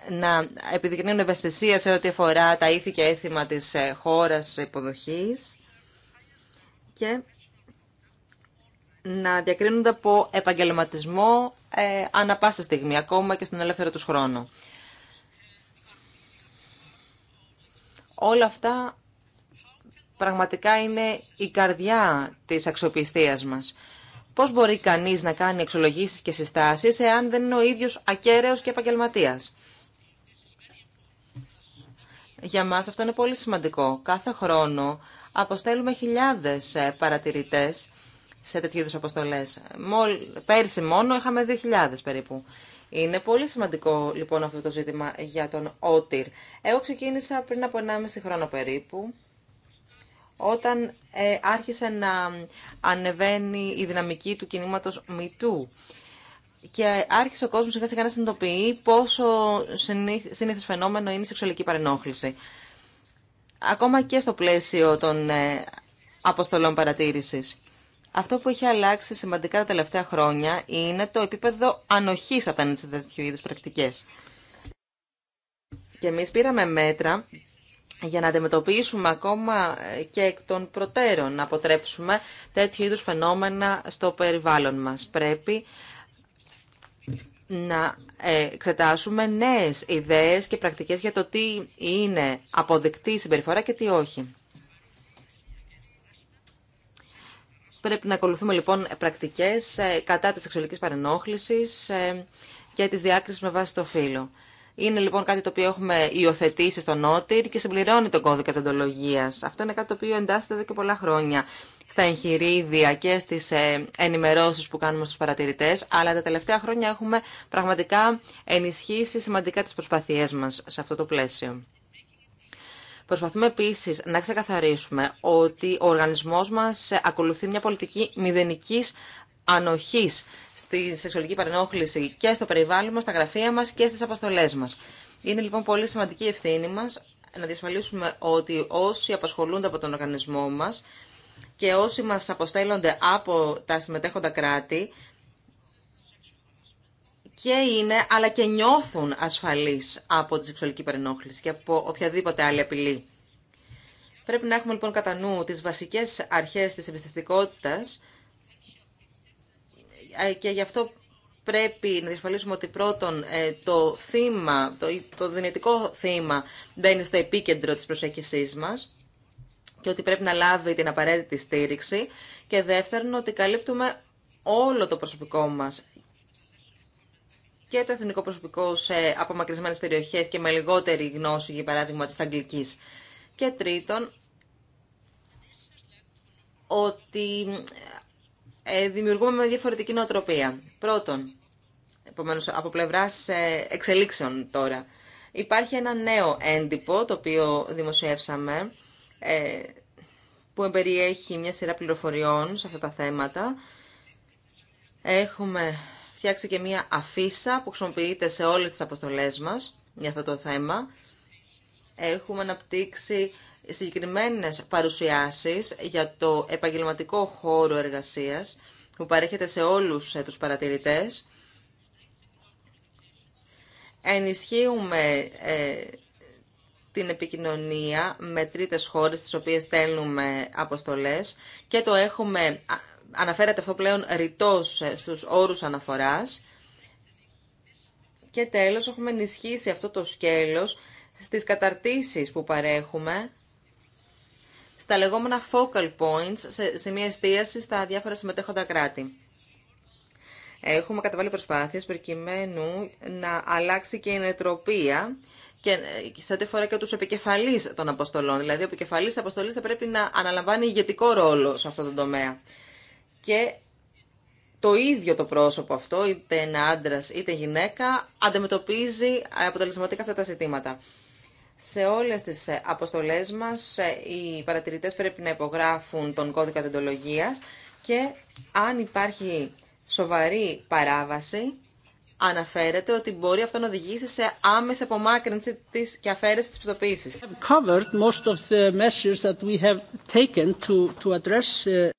να επιδεικνύουν ευαισθησία σε ό,τι αφορά τα ήθη και έθιμα της ε, χώρας υποδοχής και να διακρίνονται από επαγγελματισμό ε, ανα πάσα στιγμή, ακόμα και στον ελεύθερο τους χρόνο. Όλα αυτά πραγματικά είναι η καρδιά της αξιοπιστίας μας. Πώς μπορεί κανείς να κάνει εξολογήσεις και συστάσεις εάν δεν είναι ο ίδιος ακέραιος και επαγγελματίας. Για μας αυτό είναι πολύ σημαντικό. Κάθε χρόνο αποστέλουμε χιλιάδες ε, παρατηρητές σε τέτοιου είδους αποστολές. Πέρσι μόνο είχαμε 2.000 περίπου. Είναι πολύ σημαντικό λοιπόν αυτό το ζήτημα για τον Ότιρ. Εγώ ξεκίνησα πριν από 1,5 χρόνο περίπου, όταν ε, άρχισε να ανεβαίνει η δυναμική του κινήματος Μητού και άρχισε ο κόσμος σιγά σιγά να συνειδητοποιεί πόσο συνήθι φαινόμενο είναι η σεξουαλική παρενόχληση. Ακόμα και στο πλαίσιο των ε, αποστολών παρατήρησης. Αυτό που έχει αλλάξει σημαντικά τα τελευταία χρόνια είναι το επίπεδο ανοχής απέναντι σε τέτοιου είδους πρακτικές. Και εμεί πήραμε μέτρα για να αντιμετωπίσουμε ακόμα ε, και εκ των προτέρων, να αποτρέψουμε τέτοιου είδους φαινόμενα στο περιβάλλον μας. Πρέπει να ε, εξετάσουμε νέες ιδέες και πρακτικές για το τι είναι αποδεκτή συμπεριφορά και τι όχι. Πρέπει να ακολουθούμε λοιπόν πρακτικές ε, κατά της σεξουαλικής παρενόχλησης ε, και της διάκρισης με βάση το φύλλο. Είναι λοιπόν κάτι το οποίο έχουμε υιοθετήσει στο Νότιρ και συμπληρώνει τον κώδικα τεντολογίας. Αυτό είναι κάτι το οποίο εντάσσεται εδώ και πολλά χρόνια στα εγχειρίδια και στις ε, ενημερώσει που κάνουμε στου παρατηρητέ, αλλά τα τελευταία χρόνια έχουμε πραγματικά ενισχύσει σημαντικά τι προσπαθίες μα σε αυτό το πλαίσιο. Προσπαθούμε επίση να ξεκαθαρίσουμε ότι ο οργανισμό μα ακολουθεί μια πολιτική μηδενική ανοχή στη σεξουαλική παρενόχληση και στο περιβάλλον μας, στα γραφεία μα και στι αποστολέ μα. Είναι λοιπόν πολύ σημαντική η ευθύνη μα να διασφαλίσουμε ότι όσοι απασχολούνται από τον οργανισμό μας και όσοι μας αποστέλλονται από τα συμμετέχοντα κράτη και είναι, αλλά και νιώθουν ασφαλείς από τη σεξουαλική παρενόχληση και από οποιαδήποτε άλλη απειλή. Πρέπει να έχουμε λοιπόν κατά νου τις βασικές αρχές της εμπιστευτικότητας και γι' αυτό πρέπει να διασφαλίσουμε ότι πρώτον ε, το θύμα, το, το δυνητικό θύμα μπαίνει στο επίκεντρο της προσέγγισής μας και ότι πρέπει να λάβει την απαραίτητη στήριξη και δεύτερον ότι καλύπτουμε όλο το προσωπικό μας και το εθνικό προσωπικό σε απομακρυσμένες περιοχές και με λιγότερη γνώση, για παράδειγμα, της Αγγλικής. Και τρίτον, ότι ε, δημιουργούμε με διαφορετική νοοτροπία. Πρώτον, επομένως, από πλευράς ε, εξελίξεων τώρα, υπάρχει ένα νέο έντυπο, το οποίο δημοσιεύσαμε, ε, που εμπεριέχει μια σειρά πληροφοριών σε αυτά τα θέματα. Έχουμε φτιάξει και μια αφίσα που χρησιμοποιείται σε όλες τις αποστολές μας για αυτό το θέμα. Έχουμε αναπτύξει συγκεκριμένες παρουσιάσεις για το επαγγελματικό χώρο εργασίας που παρέχεται σε όλους ε, τους παρατηρητές. Ενισχύουμε ε, την επικοινωνία με τρίτες χώρες τις οποίες στέλνουμε αποστολές και το έχουμε, αναφέρεται αυτό πλέον ρητός στους όρους αναφοράς και τέλος έχουμε ενισχύσει αυτό το σκέλος στις καταρτήσεις που παρέχουμε στα λεγόμενα focal points, σε σημεία εστίαση στα διάφορα συμμετέχοντα κράτη. Έχουμε καταβάλει προσπάθειες προκειμένου να αλλάξει και η νετροπία και ε, σε ό,τι φορά και του επικεφαλεί των αποστολών. Δηλαδή, ο επικεφαλή αποστολή θα πρέπει να αναλαμβάνει ηγετικό ρόλο σε αυτό τον τομέα. Και το ίδιο το πρόσωπο αυτό, είτε ένα άντρα είτε γυναίκα, αντιμετωπίζει ε, αποτελεσματικά αυτά τα ζητήματα. Σε όλες τις ε, αποστολέ μα, οι παρατηρητέ πρέπει να υπογράφουν τον κώδικα δεντολογία και αν υπάρχει σοβαρή παράβαση αναφέρεται ότι μπορεί αυτό να οδηγήσει σε άμεση απομάκρυνση της και αφαίρεση της πιστοποίησης.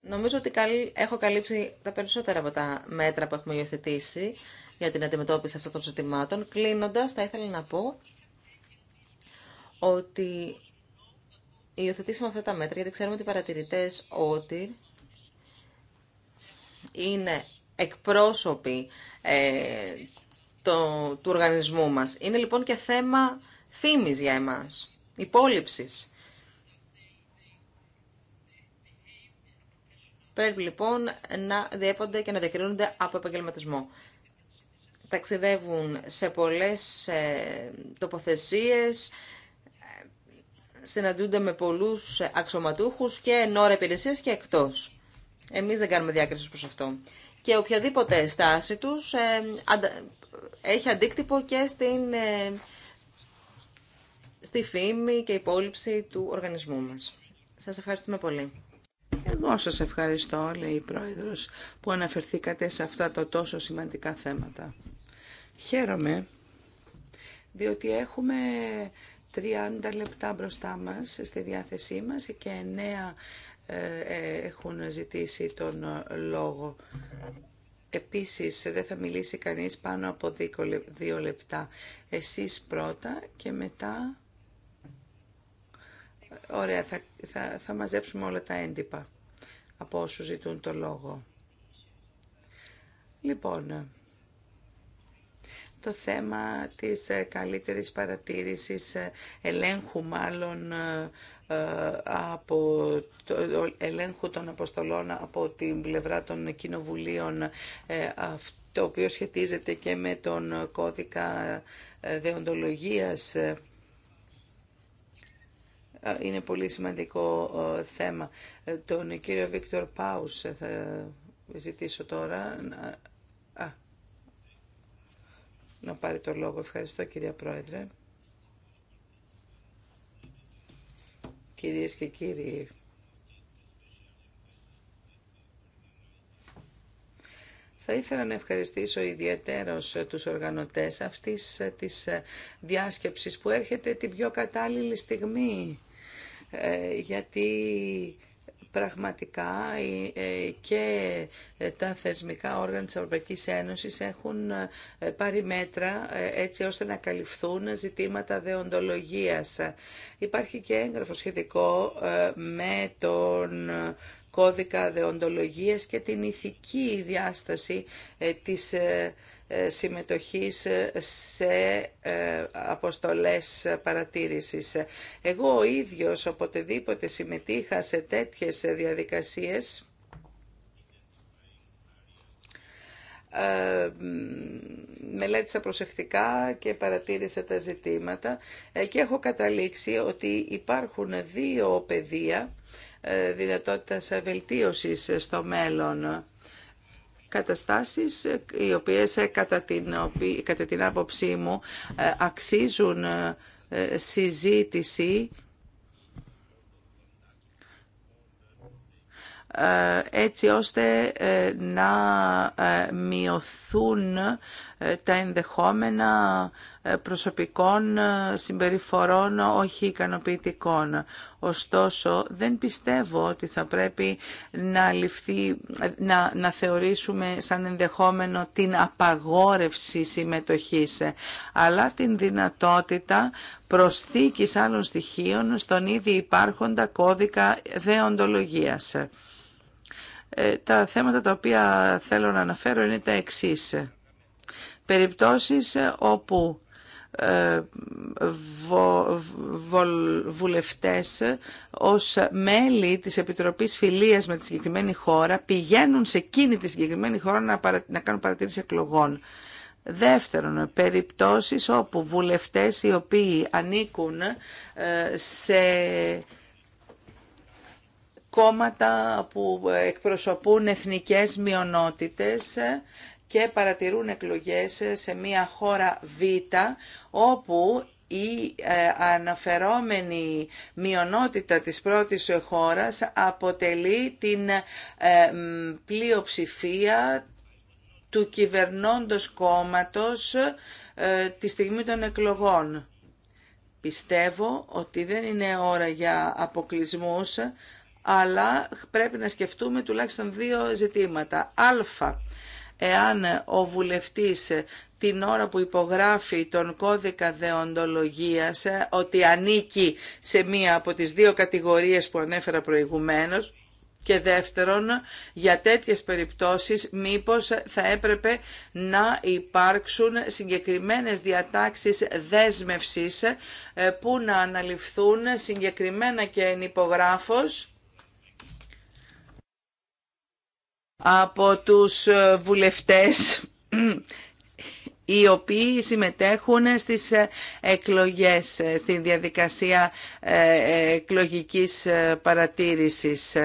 Νομίζω ότι έχω καλύψει τα περισσότερα από τα μέτρα που έχουμε υιοθετήσει για την αντιμετώπιση αυτών των ζητημάτων. Κλείνοντας, θα ήθελα να πω ότι υιοθετήσαμε αυτά τα μέτρα γιατί ξέρουμε ότι οι παρατηρητές ότι είναι εκπρόσωποι ε, το, του οργανισμού μας. Είναι λοιπόν και θέμα φήμης για εμάς, υπόλοιψης. Πρέπει λοιπόν να διέπονται και να διακρίνονται από επαγγελματισμό. Ταξιδεύουν σε πολλές ε, τοποθεσίες, ε, συναντούνται με πολλούς αξιωματούχους και εν ώρα και εκτός. Εμείς δεν κάνουμε διάκριση προς αυτό και οποιαδήποτε στάση τους ε, έχει αντίκτυπο και στην, ε, στη φήμη και υπόλοιψη του οργανισμού μας. Σας ευχαριστούμε πολύ. Εγώ σας ευχαριστώ, λέει η Πρόεδρος, που αναφερθήκατε σε αυτά τα τόσο σημαντικά θέματα. Χαίρομαι, διότι έχουμε 30 λεπτά μπροστά μας στη διάθεσή μας και νέα. Ε, ε, έχουν ζητήσει τον λόγο. Επίσης, δεν θα μιλήσει κανείς πάνω από δύο λεπτά. Εσείς πρώτα και μετά... Ωραία, θα, θα, θα μαζέψουμε όλα τα έντυπα από όσους ζητούν το λόγο. Λοιπόν, το θέμα της ε, καλύτερης παρατήρησης, ελέγχου μάλλον ε, από το ελέγχου των αποστολών από την πλευρά των κοινοβουλίων ε, το οποίο σχετίζεται και με τον κώδικα ε, δεοντολογίας είναι πολύ σημαντικό θέμα. Τον κύριο Βίκτορ Πάους θα ζητήσω τώρα να, α, να πάρει το λόγο. Ευχαριστώ κυρία Πρόεδρε. Κυρίες και κύριοι, Θα ήθελα να ευχαριστήσω ιδιαίτερος τους οργανωτές αυτής της διάσκεψης που έρχεται την πιο κατάλληλη στιγμή, ε, γιατί Πραγματικά ε, και ε, τα θεσμικά όργανα της Ευρωπαϊκής Ένωσης έχουν ε, πάρει μέτρα έτσι ώστε να καλυφθούν ζητήματα δεοντολογίας. Υπάρχει και έγγραφο σχετικό με τον κώδικα δεοντολογίας και την ηθική διάσταση της ε, συμμετοχής σε ε, αποστολές παρατήρησης. Εγώ ο ίδιος οποτεδήποτε συμμετείχα σε τέτοιες διαδικασίες ε, μελέτησα προσεκτικά και παρατήρησα τα ζητήματα και έχω καταλήξει ότι υπάρχουν δύο πεδία δυνατότητας βελτίωσης στο μέλλον καταστάσεις ε, οι οποίες ε, κατά την, κατά την άποψή μου ε, αξίζουν συζήτηση Ε, έτσι ώστε ε, να ε, μειωθούν τα ενδεχόμενα προσωπικών συμπεριφορών όχι ικανοποιητικών. Ωστόσο, δεν πιστεύω ότι θα πρέπει να, να, να θεωρήσουμε σαν ενδεχόμενο την απαγόρευση συμμετοχής, αλλά την δυνατότητα προσθήκης άλλων στοιχείων στον ήδη υπάρχοντα κώδικα δεοντολογίας. Ε, τα θέματα τα οποία θέλω να αναφέρω είναι τα εξής. Περιπτώσεις όπου ε, βουλευτές ως μέλη της Επιτροπής Φιλίας με τη συγκεκριμένη χώρα πηγαίνουν σε εκείνη τη συγκεκριμένη χώρα να, κάνουν παρατήρηση εκλογών. Δεύτερον, περιπτώσεις όπου βουλευτές οι οποίοι ανήκουν ε, σε κόμματα που εκπροσωπούν εθνικές μειονότητες και παρατηρούν εκλογές σε μια χώρα Β, όπου η ε, αναφερόμενη μειονότητα της πρώτης χώρας αποτελεί την ε, πλειοψηφία του κυβερνώντος κόμματος ε, τη στιγμή των εκλογών. Πιστεύω ότι δεν είναι ώρα για αποκλεισμούς, αλλά πρέπει να σκεφτούμε τουλάχιστον δύο ζητήματα. Α, εάν ο βουλευτής την ώρα που υπογράφει τον κώδικα δεοντολογίας ε, ότι ανήκει σε μία από τις δύο κατηγορίες που ανέφερα προηγουμένως, και δεύτερον, για τέτοιες περιπτώσεις μήπως θα έπρεπε να υπάρξουν συγκεκριμένες διατάξεις δέσμευσης ε, που να αναλυφθούν συγκεκριμένα και εν υπογράφος από τους ε, βουλευτές οι οποίοι συμμετέχουν στις ε, εκλογές, ε, στην διαδικασία εκλογικής παρατήρησης.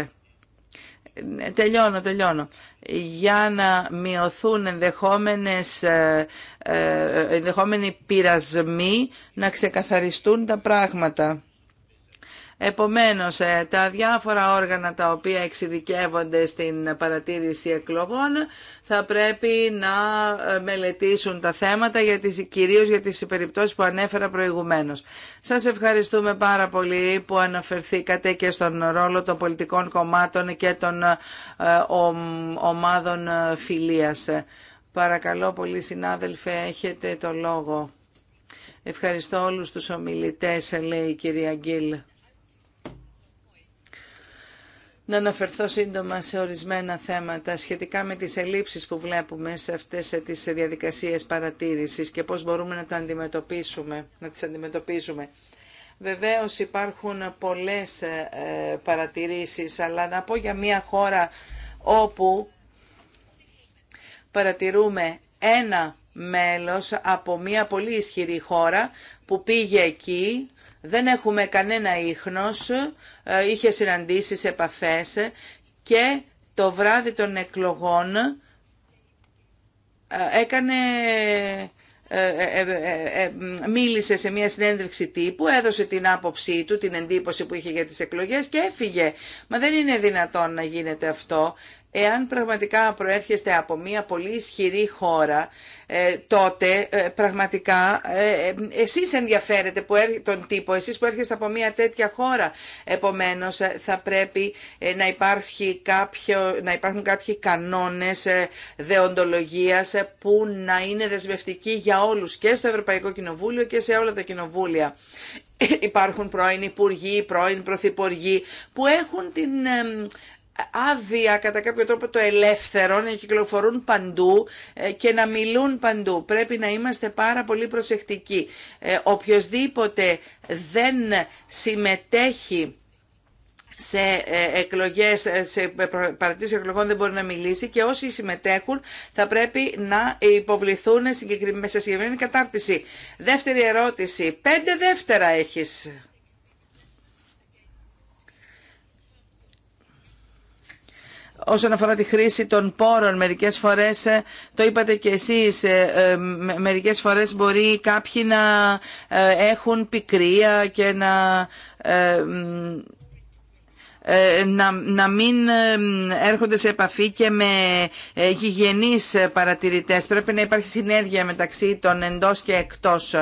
Τελειώνω, τελειώνω. Για να μειωθούν ενδεχόμενες, ενδεχόμενοι πειρασμοί να ξεκαθαριστούν τα πράγματα. Επομένως, ε, τα διάφορα όργανα τα οποία εξειδικεύονται στην παρατήρηση εκλογών θα πρέπει να ε, μελετήσουν τα θέματα, για κυρίως για τις περιπτώσεις που ανέφερα προηγουμένως. Σας ευχαριστούμε πάρα πολύ που αναφερθήκατε και στον ρόλο των πολιτικών κομμάτων και των ε, ομάδων φιλίας. Παρακαλώ πολύ συνάδελφε, έχετε το λόγο. Ευχαριστώ όλους τους ομιλητές, λέει η κυρία Γκίλ να αναφερθώ σύντομα σε ορισμένα θέματα σχετικά με τις ελλείψεις που βλέπουμε σε αυτές τις διαδικασίες παρατήρησης και πώς μπορούμε να, τα αντιμετωπίσουμε, να τις αντιμετωπίσουμε. Βεβαίως υπάρχουν πολλές ε, παρατηρήσεις, αλλά να πω για μια χώρα όπου παρατηρούμε ένα μέλος από μια πολύ ισχυρή χώρα που πήγε εκεί δεν έχουμε κανένα ίχνος, ε, είχε συναντήσεις, επαφές και το βράδυ των εκλογών ε, έκανε ε, μίλησε σε μια συνέντευξη τύπου, έδωσε την άποψή του, την εντύπωση που είχε για τις εκλογές και έφυγε. Μα δεν είναι δυνατόν να γίνεται αυτό. Εάν πραγματικά προέρχεστε από μια πολύ ισχυρή χώρα, ε, τότε ε, πραγματικά ε, εσείς ενδιαφέρετε που τον τύπο, εσείς που έρχεστε από μια τέτοια χώρα. Επομένως θα πρέπει να, υπάρχει κάποιο, να υπάρχουν κάποιοι κανόνες δεοντολογίας που να είναι δεσμευτικοί για όλους και στο Ευρωπαϊκό Κοινοβούλιο και σε όλα τα κοινοβούλια. Υπάρχουν πρώην υπουργοί, πρώην πρωθυπουργοί που έχουν την άδεια κατά κάποιο τρόπο το ελεύθερο να κυκλοφορούν παντού ε, και να μιλούν παντού. Πρέπει να είμαστε πάρα πολύ προσεκτικοί. Ε, Οποιοςδήποτε δεν συμμετέχει σε ε, εκλογές, σε παρατήσεις εκλογών δεν μπορεί να μιλήσει και όσοι συμμετέχουν θα πρέπει να υποβληθούν σε συγκεκριμένη κατάρτιση. Δεύτερη ερώτηση. Πέντε δεύτερα έχεις. όσον αφορά τη χρήση των πόρων. Μερικές φορές, ε, το είπατε και εσείς, ε, ε, μερικές φορές μπορεί κάποιοι να έχουν πικρία και να ε, να, να μην ε, έρχονται σε επαφή και με ε, γηγενείς παρατηρητές. Πρέπει να υπάρχει συνέργεια μεταξύ των εντός και εκτός.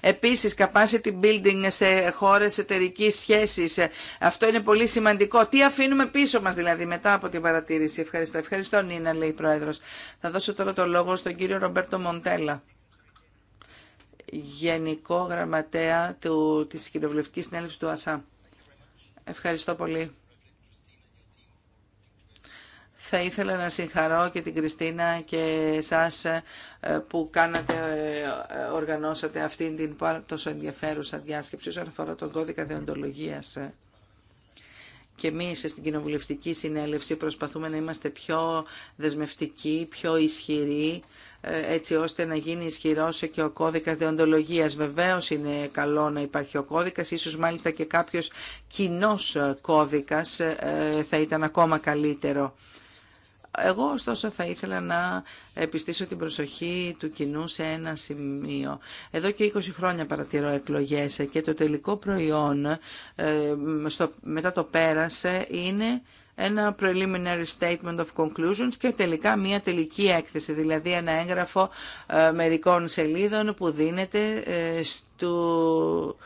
Επίσης, capacity building σε χώρες εταιρική σχέσης. Αυτό είναι πολύ σημαντικό. Τι αφήνουμε πίσω μας δηλαδή μετά από την παρατήρηση. Ευχαριστώ. Ευχαριστώ Νίνα, λέει η Πρόεδρος. Θα δώσω τώρα το λόγο στον κύριο Ρομπέρτο Μοντέλα. Γενικό Γραμματέα του, της Κοινοβουλευτικής Συνέλευσης του ΑΣΑ. Ευχαριστώ πολύ. Θα ήθελα να συγχαρώ και την Κριστίνα και εσάς ε, που κάνατε, ε, ε, οργανώσατε αυτήν την τόσο ενδιαφέρουσα διάσκεψη όσον αφορά τον κώδικα δεοντολογίας. Και εμείς στην Κοινοβουλευτική Συνέλευση προσπαθούμε να είμαστε πιο δεσμευτικοί, πιο ισχυροί ε, έτσι ώστε να γίνει ισχυρό και ο κώδικας δεοντολογίας. βεβαίω είναι καλό να υπάρχει ο κώδικας, ίσως μάλιστα και κάποιος κοινό ε, κώδικας ε, θα ήταν ακόμα καλύτερο. Εγώ ωστόσο θα ήθελα να επιστήσω την προσοχή του κοινού σε ένα σημείο. Εδώ και 20 χρόνια παρατηρώ εκλογές και το τελικό προϊόν στο, μετά το πέρασε είναι ένα preliminary statement of conclusions και τελικά μια τελική έκθεση, δηλαδή ένα έγγραφο ε, μερικών σελίδων που δίνεται ε, στο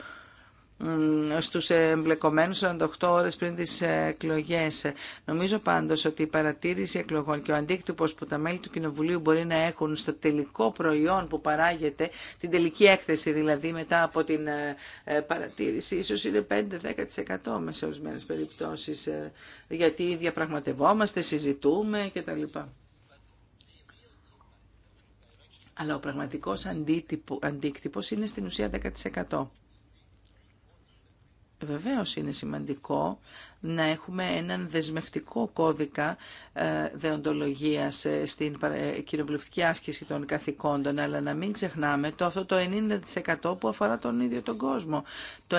στους εμπλεκομένους 48 ώρες πριν τις εκλογές. Νομίζω πάντως ότι η παρατήρηση εκλογών και ο αντίκτυπος που τα μέλη του Κοινοβουλίου μπορεί να έχουν στο τελικό προϊόν που παράγεται, την τελική έκθεση δηλαδή μετά από την ε, ε, παρατήρηση, ίσως είναι 5-10% μέσα σε ορισμένε περιπτώσεις, ε, γιατί διαπραγματευόμαστε, συζητούμε κτλ. Αλλά ο πραγματικός αντίκτυπος είναι στην ουσία 10 με σε ορισμενε περιπτωσεις γιατι διαπραγματευομαστε συζητουμε κτλ αλλα ο πραγματικος αντικτυπος ειναι στην ουσια 10 Βεβαίως είναι σημαντικό να έχουμε έναν δεσμευτικό κώδικα ε, δεοντολογίας ε, στην ε, κοινοβουλευτική άσκηση των καθηκόντων, αλλά να μην ξεχνάμε το αυτό το 90% που αφορά τον ίδιο τον κόσμο. Το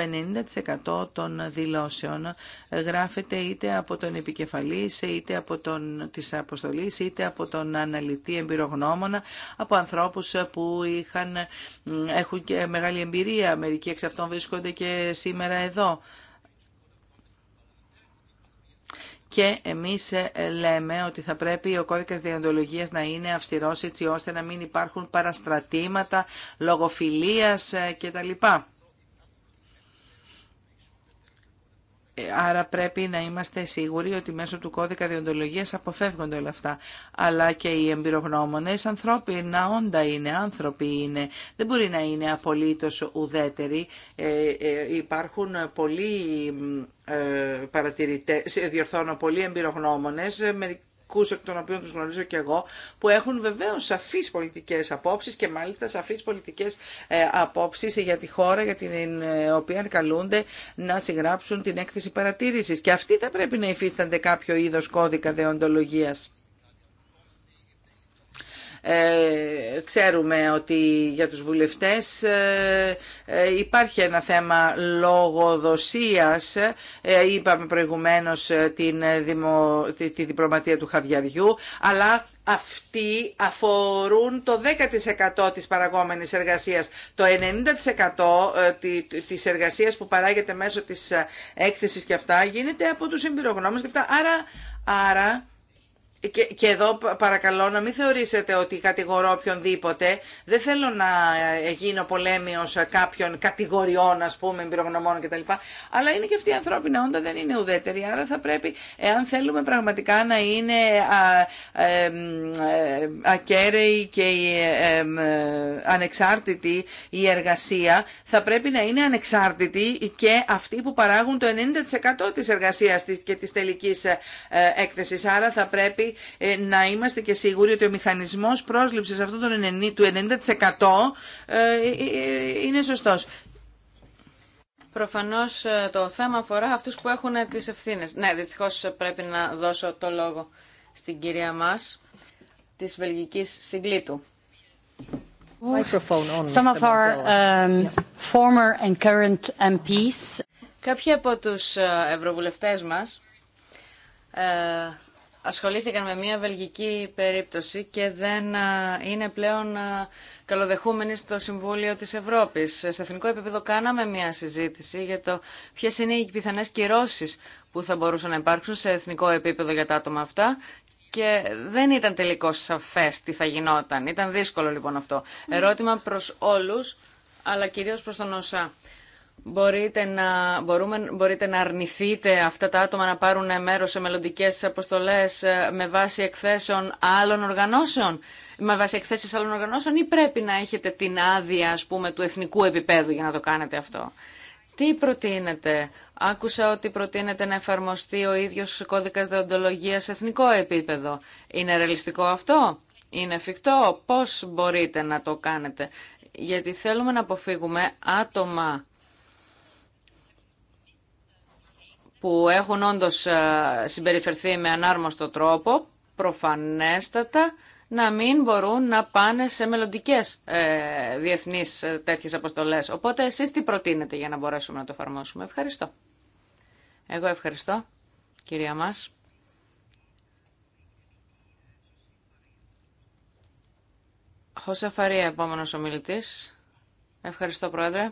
90% των δηλώσεων γράφεται είτε από τον επικεφαλής, είτε από τον, της αποστολής, είτε από τον αναλυτή εμπειρογνώμονα, από ανθρώπους που είχαν, έχουν και μεγάλη εμπειρία. Μερικοί εξ αυτών βρίσκονται και σήμερα εδώ. και εμείς ε, λέμε ότι θα πρέπει ο κώδικα διοντολογίας να είναι αυστηρό έτσι ώστε να μην υπάρχουν παραστρατήματα, λογοφιλίας ε, κτλ. Άρα πρέπει να είμαστε σίγουροι ότι μέσω του κώδικα διοντολογίας αποφεύγονται όλα αυτά. Αλλά και οι εμπειρογνώμονες να όντα είναι, άνθρωποι είναι. Δεν μπορεί να είναι απολύτως ουδέτεροι. Ε, ε, υπάρχουν πολλοί ε, παρατηρητές, διορθώνω πολλοί εμπειρογνώμονες, εκ των οποίων τους γνωρίζω και εγώ, που έχουν βεβαίως σαφείς πολιτικές απόψεις και μάλιστα σαφείς πολιτικές ε, απόψεις για τη χώρα για την ε, οποία καλούνται να συγγράψουν την έκθεση παρατήρησης. Και αυτοί θα πρέπει να υφίστανται κάποιο είδος κώδικα δεοντολογίας. Ε, ξέρουμε ότι για τους βουλευτές ε, ε, υπάρχει ένα θέμα λογοδοσίας. Είπαμε προηγουμένως την, δημο, τη, διπλωματία του Χαβιαριού, αλλά αυτοί αφορούν το 10% της παραγόμενης εργασίας. Το 90% της εργασίας που παράγεται μέσω της έκθεσης και αυτά γίνεται από τους εμπειρογνώμους και αυτά. Άρα, άρα και, και εδώ παρακαλώ να μην θεωρήσετε ότι κατηγορώ οποιονδήποτε. Δεν θέλω να ε, γίνω πολέμιος ε, κάποιων κατηγοριών, ας πούμε, εμπειρογνωμών κτλ. Αλλά είναι και αυτοί οι ανθρώπινα όντα, δεν είναι ουδέτεροι Άρα θα πρέπει, εάν θέλουμε πραγματικά να είναι ε, ακέραιοι και ανεξάρτητη η εργασία, θα πρέπει να είναι ανεξάρτητη και αυτοί που παράγουν το 90% της εργασίας και της τελικής έκθεσης. Άρα θα πρέπει ε, να είμαστε και σίγουροι ότι ο μηχανισμός πρόσληψης αυτού του 90% ε, ε, είναι σωστός. Προφανώς το θέμα αφορά αυτούς που έχουν τις ευθύνες. Ναι, δυστυχώς πρέπει να δώσω το λόγο στην κυρία μας, της Βελγικής Συγκλήτου. Um, former and current MPs. Κάποιοι από τους ευρωβουλευτές μας ασχολήθηκαν με μια βελγική περίπτωση και δεν είναι πλέον καλοδεχούμενοι στο Συμβούλιο της Ευρώπης. Σε εθνικό επίπεδο κάναμε μια συζήτηση για το ποιες είναι οι πιθανές κυρώσεις που θα μπορούσαν να υπάρξουν σε εθνικό επίπεδο για τα άτομα αυτά και δεν ήταν τελικό σαφές τι θα γινόταν. Ήταν δύσκολο λοιπόν αυτό. Ερώτημα προς όλους, αλλά κυρίως προς τον ΩΣΑ μπορείτε να, μπορούμε, μπορείτε να αρνηθείτε αυτά τα άτομα να πάρουν μέρος σε μελλοντικέ αποστολές ε, με βάση εκθέσεων άλλων οργανώσεων, με βάση εκθέσεις άλλων οργανώσεων ή πρέπει να έχετε την άδεια ας πούμε, του εθνικού επίπεδου για να το κάνετε αυτό. Τι προτείνετε. Άκουσα ότι προτείνετε να εφαρμοστεί ο ίδιος κώδικας δεοντολογίας σε εθνικό επίπεδο. Είναι ρεαλιστικό αυτό. Είναι εφικτό. Πώς μπορείτε να το κάνετε. Γιατί θέλουμε να αποφύγουμε άτομα που έχουν όντως ε, συμπεριφερθεί με ανάρμοστο τρόπο, προφανέστατα να μην μπορούν να πάνε σε μελλοντικέ ε, διεθνεί ε, τέτοιε αποστολέ. Οπότε εσείς τι προτείνετε για να μπορέσουμε να το εφαρμόσουμε. Ευχαριστώ. Εγώ ευχαριστώ, κυρία Μάς. Χωσέ επόμενος ο ομιλητή. Ευχαριστώ, Πρόεδρε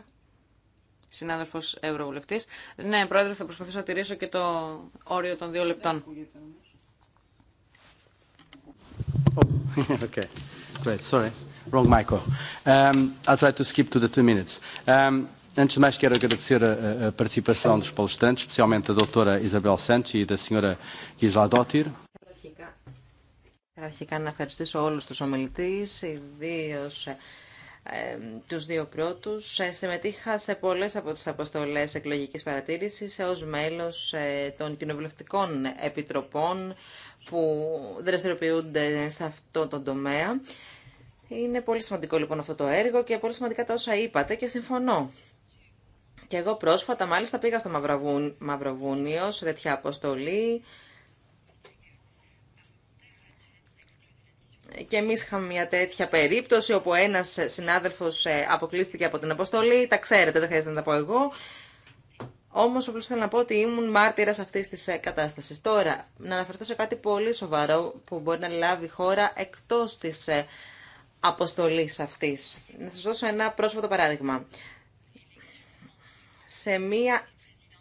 συνάδελφο Ευρωβουλευτή. Ναι, Πρόεδρε, θα προσπαθήσω να τηρήσω και το όριο των δύο λεπτών. Okay, great. Sorry, wrong Michael. Um, I'll try to skip to the two minutes. Um, Antes de mais, quero agradecer a, participação dos palestrantes, especialmente da doutora Isabel Santos e da senhora Gisla Dottir. Καταρχικά να ευχαριστήσω όλους τους ομιλητές, ιδίως τους δύο πρώτους. Ε, συμμετείχα σε πολλές από τις αποστολές εκλογικής παρατήρησης ως μέλος ε, των κοινοβουλευτικών επιτροπών που δραστηριοποιούνται σε αυτό τον τομέα. Είναι πολύ σημαντικό λοιπόν αυτό το έργο και πολύ σημαντικά τα όσα είπατε και συμφωνώ. Και εγώ πρόσφατα μάλιστα πήγα στο Μαυροβούνιο σε τέτοια αποστολή Και εμείς είχαμε μια τέτοια περίπτωση όπου ένας συνάδελφος ε, αποκλείστηκε από την αποστολή. Τα ξέρετε, δεν χρειάζεται να τα πω εγώ. Όμως απλώς θέλω να πω ότι ήμουν μάρτυρας αυτής της ε, κατάστασης. Τώρα, να αναφερθώ σε κάτι πολύ σοβαρό που μπορεί να λάβει η χώρα εκτός της ε, αποστολής αυτής. Να σας δώσω ένα πρόσφατο παράδειγμα. Σε μια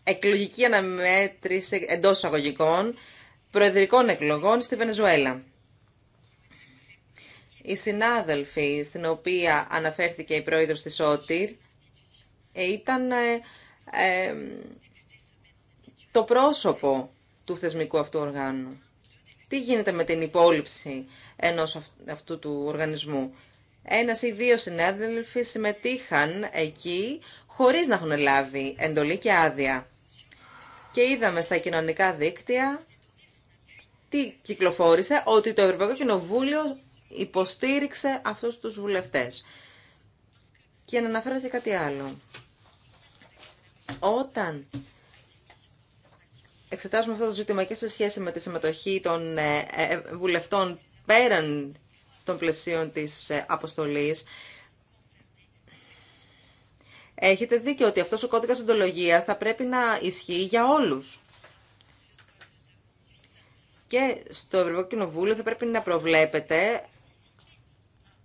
εκλογική αναμέτρηση εντός αγωγικών προεδρικών εκλογών στη Βενεζουέλα. Οι συνάδελφοι στην οποία αναφέρθηκε η πρόεδρος της ΟΤΙΡ ε, ήταν ε, ε, το πρόσωπο του θεσμικού αυτού οργάνου. Τι γίνεται με την υπόλοιψη ενός αυτού του οργανισμού. Ένας ή δύο συνάδελφοι συμμετείχαν εκεί χωρίς να έχουν λάβει εντολή και άδεια. Και είδαμε στα κοινωνικά δίκτυα τι κυκλοφόρησε, ότι το Ευρωπαϊκό Κοινοβούλιο υποστήριξε αυτούς τους βουλευτές. Και να αναφέρω και κάτι άλλο. Όταν εξετάζουμε αυτό το ζήτημα και σε σχέση με τη συμμετοχή των ε, ε, βουλευτών πέραν των πλαισίων της ε, αποστολής, έχετε δίκιο ότι αυτός ο κώδικας συντολογίας θα πρέπει να ισχύει για όλους. Και στο Ευρωπαϊκό Κοινοβούλιο θα πρέπει να προβλέπετε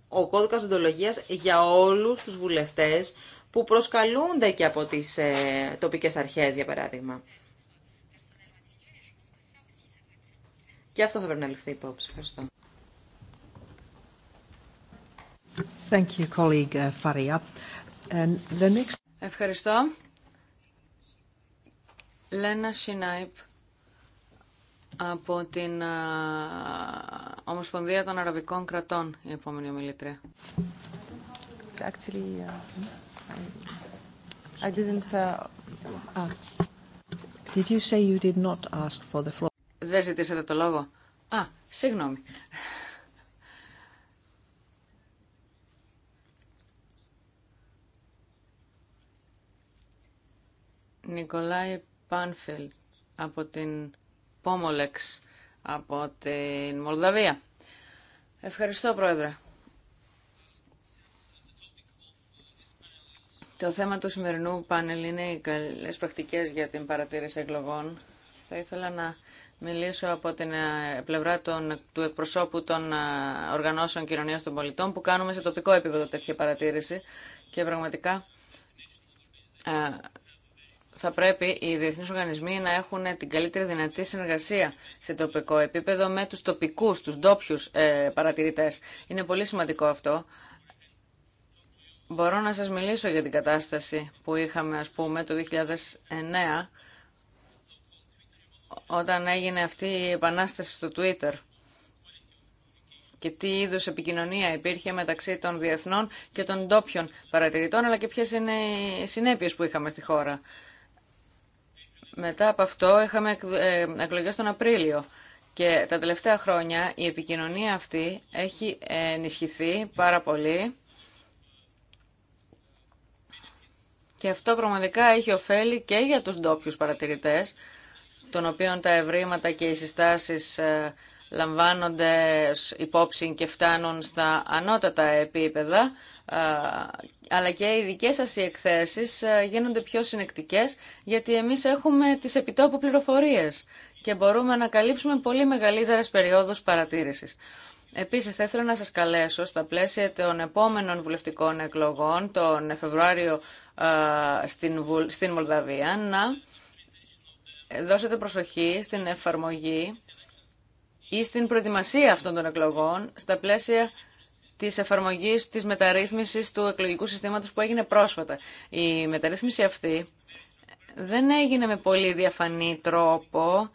ο κώδικας οντολογίας για όλους τους βουλευτές που προσκαλούνται και από τις ε, τοπικές αρχές, για παράδειγμα. Και αυτό θα πρέπει να ληφθεί υπόψη. Ευχαριστώ. Thank you, colleague uh, Faria. And the next... Ευχαριστώ. Λένα Σινάιπ από την Ομοσπονδία των Αραβικών Κρατών, η επόμενη ομιλήτρια. Actually, uh, I didn't. Uh, ah. Did you say you did not ask for the floor? Δεν ζητήσατε το λόγο. Α, συγγνώμη. Νικολάη Πάνφελ από την Πόμολεξ από την Μολδαβία. Ευχαριστώ, Πρόεδρε. Το θέμα του σημερινού πάνελ είναι οι καλές πρακτικές για την παρατήρηση εκλογών. Θα ήθελα να μιλήσω από την ε, πλευρά των, του εκπροσώπου των ε, οργανώσεων κοινωνίας των πολιτών που κάνουμε σε τοπικό επίπεδο τέτοια παρατήρηση και πραγματικά ε, θα πρέπει οι διεθνεί οργανισμοί να έχουν την καλύτερη δυνατή συνεργασία σε τοπικό επίπεδο με του τοπικούς, του ντόπιου ε, παρατηρητές. Είναι πολύ σημαντικό αυτό. Μπορώ να σας μιλήσω για την κατάσταση που είχαμε, ας πούμε, το 2009, όταν έγινε αυτή η επανάσταση στο Twitter και τι είδους επικοινωνία υπήρχε μεταξύ των διεθνών και των ντόπιων παρατηρητών, αλλά και ποιες είναι οι συνέπειες που είχαμε στη χώρα μετά από αυτό είχαμε ε, εκλογές τον Απρίλιο. Και τα τελευταία χρόνια η επικοινωνία αυτή έχει ενισχυθεί πάρα πολύ. Και αυτό πραγματικά έχει ωφέλη και για τους ντόπιου παρατηρητές, των οποίων τα ευρήματα και οι συστάσεις ε, λαμβάνονται υπόψη και φτάνουν στα ανώτατα επίπεδα, αλλά και οι δικές σας οι εκθέσεις γίνονται πιο συνεκτικές γιατί εμείς έχουμε τις επιτόπου πληροφορίες και μπορούμε να καλύψουμε πολύ μεγαλύτερες περιόδους παρατήρησης. Επίσης, θα ήθελα να σας καλέσω στα πλαίσια των επόμενων βουλευτικών εκλογών τον Φεβρουάριο στην, στην Μολδαβία να δώσετε προσοχή στην εφαρμογή ή στην προετοιμασία αυτών των εκλογών στα πλαίσια Τη εφαρμογής της μεταρρύθμισης του εκλογικού συστήματος που έγινε πρόσφατα. Η μεταρρύθμιση αυτή δεν έγινε με πολύ διαφανή τρόπο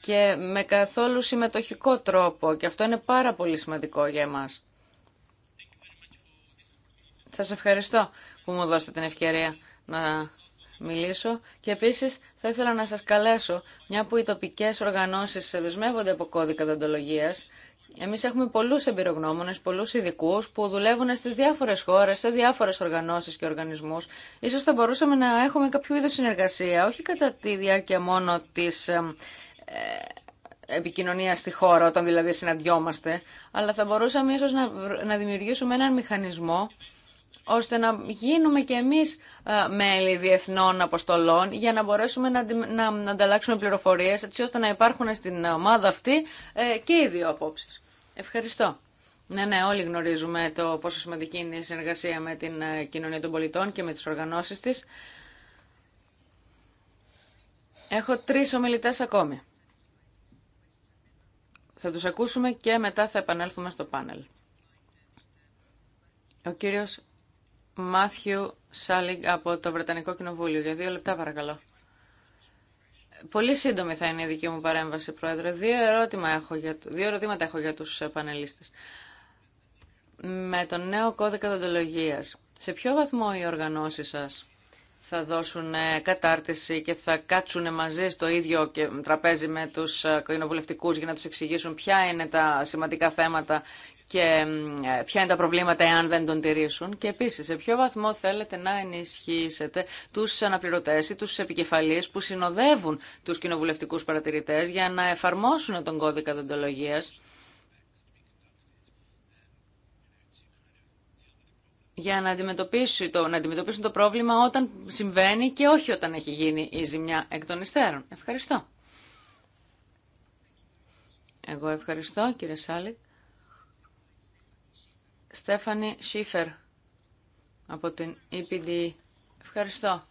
και με καθόλου συμμετοχικό τρόπο και αυτό είναι πάρα πολύ σημαντικό για εμάς. Σας ευχαριστώ που μου δώσετε την ευκαιρία να μιλήσω και επίσης θα ήθελα να σας καλέσω μια που οι τοπικές οργανώσεις δεσμεύονται από κώδικα δαντολογίας εμείς έχουμε πολλούς εμπειρογνώμονε, πολλούς ειδικού που δουλεύουν στις διάφορες χώρες, σε διάφορες οργανώσεις και οργανισμούς. Ίσως θα μπορούσαμε να έχουμε κάποιο είδος συνεργασία, όχι κατά τη διάρκεια μόνο τη ε, ε επικοινωνία στη χώρα, όταν δηλαδή συναντιόμαστε, αλλά θα μπορούσαμε ίσω να, να δημιουργήσουμε έναν μηχανισμό ώστε να γίνουμε και εμείς ε, μέλη διεθνών αποστολών για να μπορέσουμε να, να, να ανταλλάξουμε πληροφορίες έτσι ώστε να υπάρχουν στην ομάδα αυτή ε, και οι δύο απόψεις. Ευχαριστώ. Ναι, ναι, όλοι γνωρίζουμε το πόσο σημαντική είναι η συνεργασία με την ε, κοινωνία των πολιτών και με τις οργανώσεις της. Έχω τρεις ομιλητές ακόμη. Θα τους ακούσουμε και μετά θα επανέλθουμε στο πάνελ. Ο κύριος Μάθιου Σάλιγκ από το Βρετανικό Κοινοβούλιο. Για δύο λεπτά παρακαλώ. Πολύ σύντομη θα είναι η δική μου παρέμβαση, Πρόεδρε. Δύο, ερώτημα έχω για, δύο ερωτήματα έχω για τους ε, πανελίστες. Με τον νέο κώδικα δοντολογίας, σε ποιο βαθμό οι οργανώσεις σας θα δώσουν ε, κατάρτιση και θα κάτσουν μαζί στο ίδιο τραπέζι με τους ε, κοινοβουλευτικούς για να τους εξηγήσουν ποια είναι τα σημαντικά θέματα και ε, ποια είναι τα προβλήματα εάν δεν τον τηρήσουν. Και επίσης, σε ποιο βαθμό θέλετε να ενισχύσετε τους αναπληρωτές ή τους επικεφαλείς που συνοδεύουν τους κοινοβουλευτικούς παρατηρητές για να εφαρμόσουν τον κώδικα δοντολογίας. για να, το, να αντιμετωπίσουν το πρόβλημα όταν συμβαίνει και όχι όταν έχει γίνει η ζημιά εκ των υστέρων. Ευχαριστώ. Εγώ ευχαριστώ κύριε Σάλικ. Στέφανη Σίφερ από την EPD. E. Ευχαριστώ.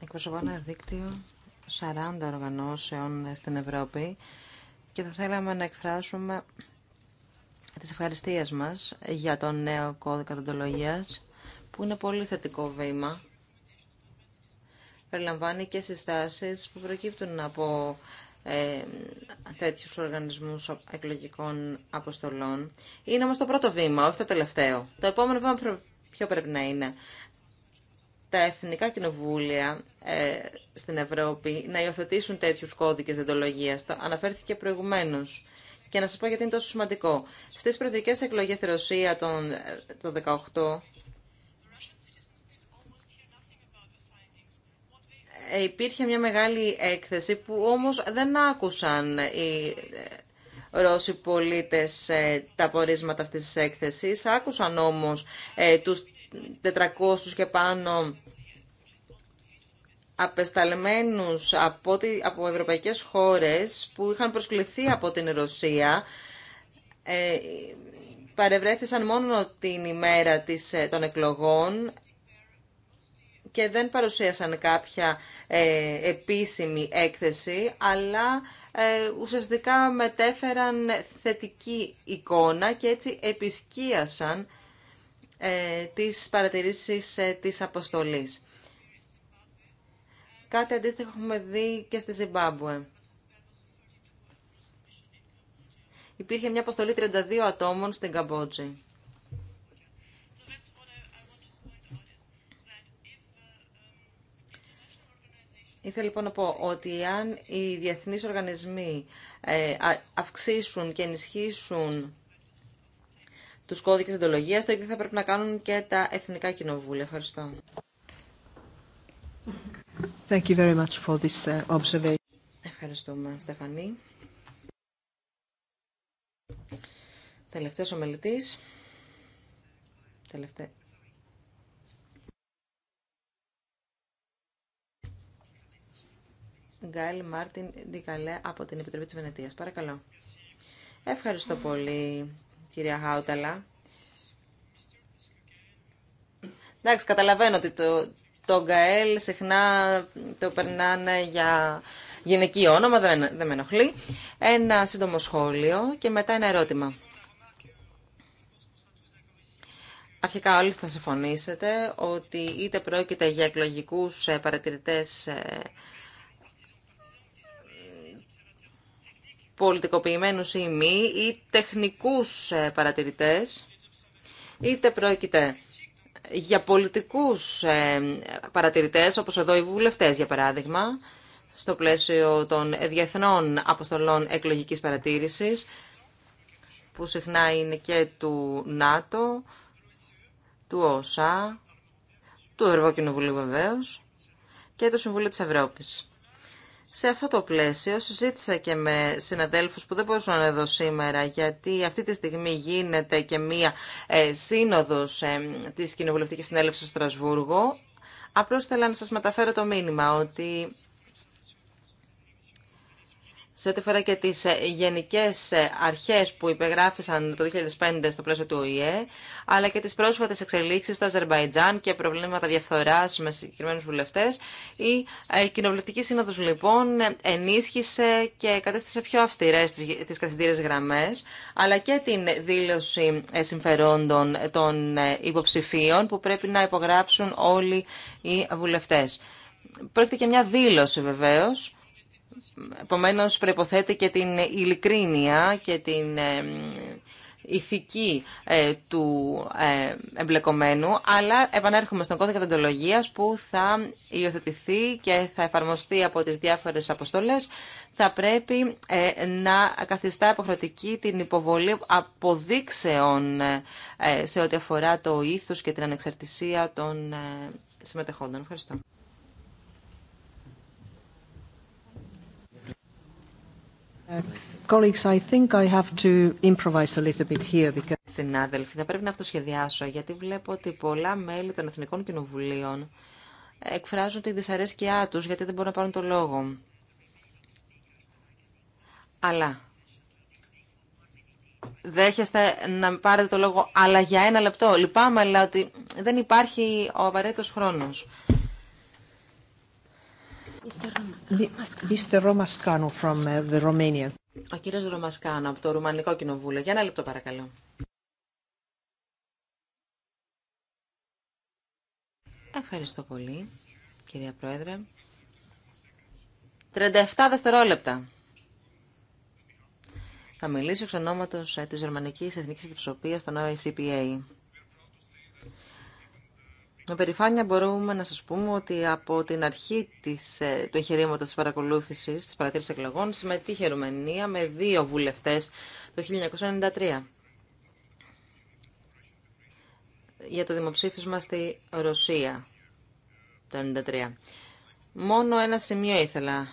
Εκπροσωπώ ένα δίκτυο 40 οργανώσεων στην Ευρώπη και θα θέλαμε να εκφράσουμε τις ευχαριστίες μας για τον νέο κώδικα τοντολογίας που είναι πολύ θετικό βήμα. Περιλαμβάνει και συστάσεις που προκύπτουν από ε, τέτοιους οργανισμούς εκλογικών αποστολών. Είναι όμως το πρώτο βήμα, όχι το τελευταίο. Το επόμενο βήμα ποιο πρέπει να είναι. Τα εθνικά κοινοβούλια ε, στην Ευρώπη να υιοθετήσουν τέτοιους κώδικες δεντολογίας. Το αναφέρθηκε προηγουμένως. Και να σας πω γιατί είναι τόσο σημαντικό. Στις προεδρικές εκλογές στη Ρωσία τον, ε, το υπήρχε μια μεγάλη έκθεση που όμως δεν άκουσαν οι ε, Ρώσοι πολίτες ε, τα πορίσματα αυτής της έκθεσης. Άκουσαν όμως ε, τους 400 και πάνω απεσταλμένους από, από ευρωπαϊκές χώρες που είχαν προσκληθεί από την Ρωσία παρευρέθησαν μόνο την ημέρα της, των εκλογών και δεν παρουσίασαν κάποια ε, επίσημη έκθεση, αλλά ε, ουσιαστικά μετέφεραν θετική εικόνα και έτσι επισκίασαν ε, τις παρατηρήσεις ε, της αποστολής. Κάτι αντίστοιχο έχουμε δει και στη Ζιμπάμπουε. Υπήρχε μια αποστολή 32 ατόμων στην Καμπότζη. Ήθελα λοιπόν να πω ότι αν οι διεθνείς οργανισμοί ε, αυξήσουν και ενισχύσουν τους κώδικες εντολογίας, το ίδιο θα πρέπει να κάνουν και τα εθνικά κοινοβούλια. Ευχαριστώ. Thank you very much for this uh, observation. Ευχαριστούμε, Στεφανή. Τελευταίος ομιλητής. Τελευταίος. Γκάιλ Μάρτιν Ντικαλέ από την Επιτροπή της Βενετίας. Παρακαλώ. Ευχαριστώ πολύ, κυρία Χάουταλα. Εντάξει, καταλαβαίνω ότι το, το Γκαέλ συχνά το περνάνε για γυναική όνομα, δεν, δεν με ενοχλεί. Ένα σύντομο σχόλιο και μετά ένα ερώτημα. Αρχικά όλοι θα συμφωνήσετε ότι είτε πρόκειται για εκλογικούς ε, παρατηρητές ε, πολιτικοποιημένους ή μη, ή τεχνικούς ε, παρατηρητές, είτε πρόκειται για πολιτικούς ε, παρατηρητές, όπως εδώ οι βουλευτές για παράδειγμα, στο πλαίσιο των διεθνών αποστολών εκλογικής παρατήρησης, που συχνά είναι και του ΝΑΤΟ, του ΟΣΑ, του Ευρωκοινοβουλίου βεβαίω και του Συμβουλίου της Ευρώπης. Σε αυτό το πλαίσιο συζήτησα και με συναδέλφους που δεν μπορούσαν να είναι εδώ σήμερα γιατί αυτή τη στιγμή γίνεται και μία ε, σύνοδος ε, της Κοινοβουλευτικής Συνέλευσης στο Στρασβούργο. Απλώς θέλω να σας μεταφέρω το μήνυμα ότι σε ό,τι φορά και τις ε, γενικές ε, αρχές που υπεγράφησαν το 2005 στο πλαίσιο του ΟΗΕ, αλλά και τις πρόσφατες εξελίξεις στο Αζερβαϊτζάν και προβλήματα διαφθοράς με συγκεκριμένους βουλευτές. Η ε, Κοινοβουλευτική Σύνοδος, λοιπόν, ενίσχυσε και κατέστησε πιο αυστηρές τις καθημερινές γραμμές, αλλά και την δήλωση συμφερόντων των υποψηφίων που πρέπει να υπογράψουν όλοι οι βουλευτές. Πρόκειται και μια δήλωση βεβαίως, Επομένω, προποθέτει και την ειλικρίνεια και την ε, ηθική ε, του ε, εμπλεκομένου, αλλά επανέρχομαι στον κώδικα δεντολογίας που θα υιοθετηθεί και θα εφαρμοστεί από τις διάφορες αποστολές, θα πρέπει να καθιστά υποχρεωτική την υποβολή αποδείξεων σε ό,τι αφορά το ήθους και την ανεξαρτησία των συμμετεχόντων. Ευχαριστώ. Συνάδελφοι, θα πρέπει να αυτοσχεδιάσω, γιατί βλέπω ότι πολλά μέλη των Εθνικών Κοινοβουλίων εκφράζουν τη δυσαρέσκειά τους, γιατί δεν μπορούν να πάρουν το λόγο. Αλλά δέχεστε να πάρετε το λόγο, αλλά για ένα λεπτό. Λυπάμαι, αλλά ότι δεν υπάρχει ο απαραίτητος χρόνος from ε, the Romania. Ο κύριος Ρωμασκάνο από το Ρουμανικό Κοινοβούλιο. Για ένα λεπτό παρακαλώ. Ευχαριστώ πολύ, κυρία Πρόεδρε. 37 δευτερόλεπτα. Θα μιλήσω εξ ονόματος ε, της Ρωμανικής Εθνικής Αντιπροσωπείας των OACPA. Με περηφάνεια μπορούμε να σας πούμε ότι από την αρχή της, ε, του εγχειρήματο της παρακολούθησης της παρατήρησης εκλογών συμμετείχε η Ρουμανία με δύο βουλευτές το 1993 για το δημοψήφισμα στη Ρωσία το 1993. Μόνο ένα σημείο ήθελα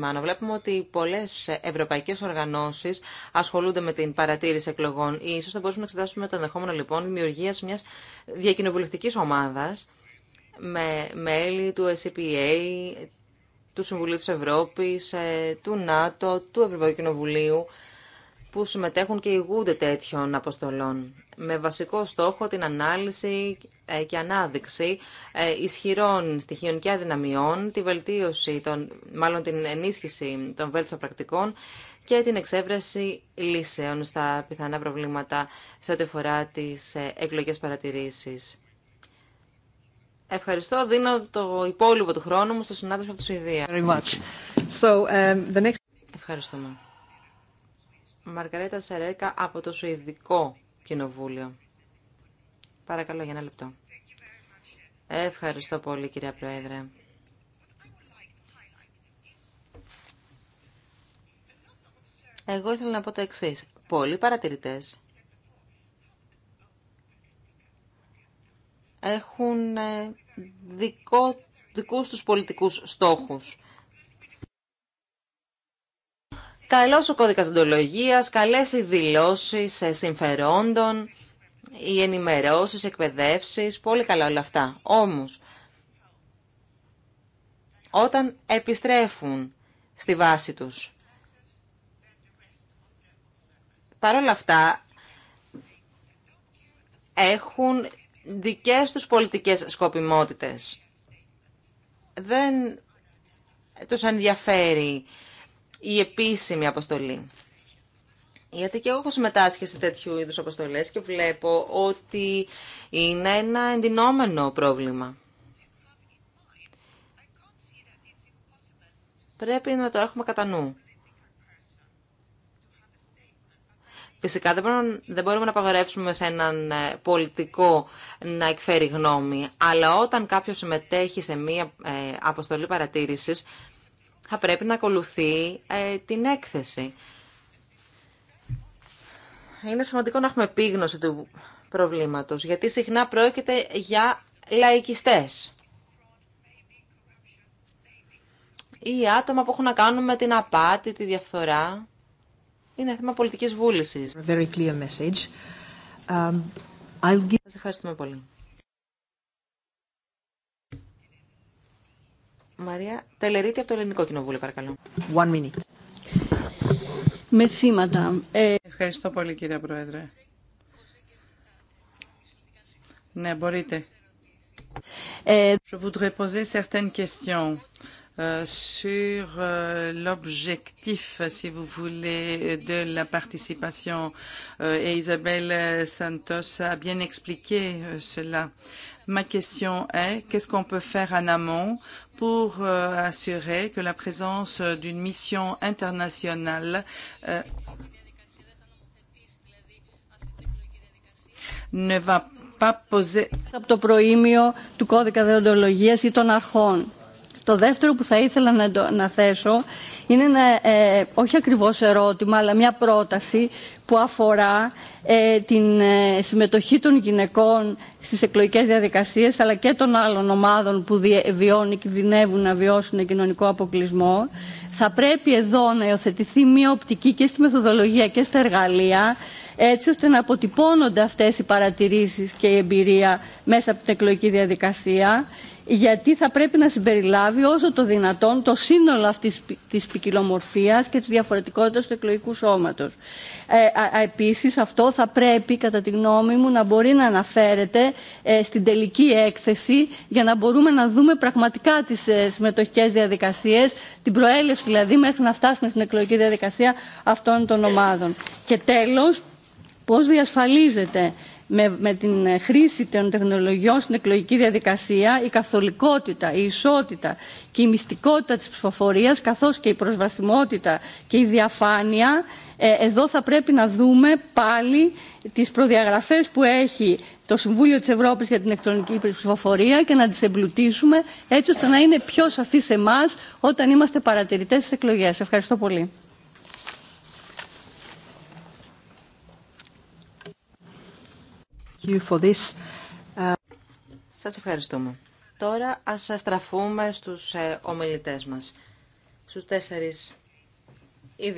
να Βλέπουμε ότι πολλέ ευρωπαϊκέ οργανώσει ασχολούνται με την παρατήρηση εκλογών. Ίσως θα μπορούσαμε να εξετάσουμε το ενδεχόμενο λοιπόν δημιουργία μια διακοινοβουλευτική ομάδα με μέλη του SCPA, του Συμβουλίου τη Ευρώπη, ε, του ΝΑΤΟ, του Ευρωπαϊκού Κοινοβουλίου που συμμετέχουν και ηγούνται τέτοιων αποστολών, με βασικό στόχο την ανάλυση ε, και ανάδειξη ε, ισχυρών στοιχείων και αδυναμιών, τη βελτίωση, των, μάλλον την ενίσχυση των βέλτιστων πρακτικών και την εξέβρεση λύσεων στα πιθανά προβλήματα σε ό,τι αφορά τις ε, εκλογές παρατηρήσεις. Ευχαριστώ. Δίνω το υπόλοιπο του χρόνου μου στο συνάδελφο από τη Σουηδία. Um, Ευχαριστούμε. Μαργαρέτα Σερέκα από το Σουηδικό Κοινοβούλιο. Παρακαλώ για ένα λεπτό. Ευχαριστώ πολύ κυρία Πρόεδρε. Εγώ ήθελα να πω το εξή. Πολλοί παρατηρητέ έχουν ε, δικό, δικούς τους πολιτικούς στόχους Καλό ο κώδικας εντολογίας, καλές οι δηλώσει συμφερόντων, οι ενημερώσεις, εκπαιδεύσει, πολύ καλά όλα αυτά. Όμως, όταν επιστρέφουν στη βάση τους, παρόλα αυτά έχουν δικές τους πολιτικές σκοπιμότητες. Δεν τους ενδιαφέρει η επίσημη αποστολή. Γιατί και εγώ έχω συμμετάσχει σε τέτοιου είδου αποστολέ και βλέπω ότι είναι ένα εντυνόμενο πρόβλημα. Πρέπει να το έχουμε κατά νου. Φυσικά δεν μπορούμε να απαγορεύσουμε σε έναν ε, πολιτικό να εκφέρει γνώμη, αλλά όταν κάποιος συμμετέχει σε μία ε, αποστολή παρατήρησης, θα πρέπει να ακολουθεί ε, την έκθεση. Είναι σημαντικό να έχουμε επίγνωση του προβλήματος, γιατί συχνά πρόκειται για λαϊκιστές. Ή άτομα που έχουν να κάνουν με την απάτη, τη διαφθορά. Είναι θέμα πολιτικής βούλησης. Um, Σας ευχαριστούμε πολύ. Μαρία Τελερίτη από το Ελληνικό Κοινοβούλιο, παρακαλώ. One minute. Με σήματα. Ε... Ευχαριστώ πολύ, κύριε Πρόεδρε. Ναι, μπορείτε. Ε... Je voudrais poser certaines questions sur l'objectif, si vous voulez, de la participation. Et Isabelle Santos a bien expliqué cela. Ma question est, qu'est-ce qu'on peut faire en amont pour assurer que la présence d'une mission internationale ne va pas poser... Το δεύτερο που θα ήθελα να, να θέσω είναι ένα, ε, όχι ακριβώς ερώτημα, αλλά μια πρόταση που αφορά ε, την ε, συμμετοχή των γυναικών στις εκλογικές διαδικασίες, αλλά και των άλλων ομάδων που βιώνει, να βιώσουν κοινωνικό αποκλεισμό. Θα πρέπει εδώ να υιοθετηθεί μια οπτική και στη μεθοδολογία και στα εργαλεία, έτσι ώστε να αποτυπώνονται αυτές οι παρατηρήσεις και η εμπειρία μέσα από την εκλογική διαδικασία γιατί θα πρέπει να συμπεριλάβει όσο το δυνατόν το σύνολο αυτής της ποικιλομορφία και της διαφορετικότητας του εκλογικού σώματος. Ε, επίσης αυτό θα πρέπει κατά τη γνώμη μου να μπορεί να αναφέρεται ε, στην τελική έκθεση για να μπορούμε να δούμε πραγματικά τις ε, συμμετοχικές διαδικασίες, την προέλευση δηλαδή μέχρι να φτάσουμε στην εκλογική διαδικασία αυτών των ομάδων. Και τέλος, πώς διασφαλίζεται με, με την χρήση των τεχνολογιών στην εκλογική διαδικασία η καθολικότητα, η ισότητα και η μυστικότητα της ψηφοφορία, καθώς και η προσβασιμότητα και η διαφάνεια ε, εδώ θα πρέπει να δούμε πάλι τις προδιαγραφές που έχει το Συμβούλιο της Ευρώπης για την ηλεκτρονική ψηφοφορία και να τις εμπλουτίσουμε έτσι ώστε να είναι πιο σαφή σε εμά όταν είμαστε παρατηρητές στις εκλογές. Ευχαριστώ πολύ. you ε, Σας ευχαριστούμε. Τώρα ας στραφούμε στους ε, ομιλητές μας, στους τέσσερις οι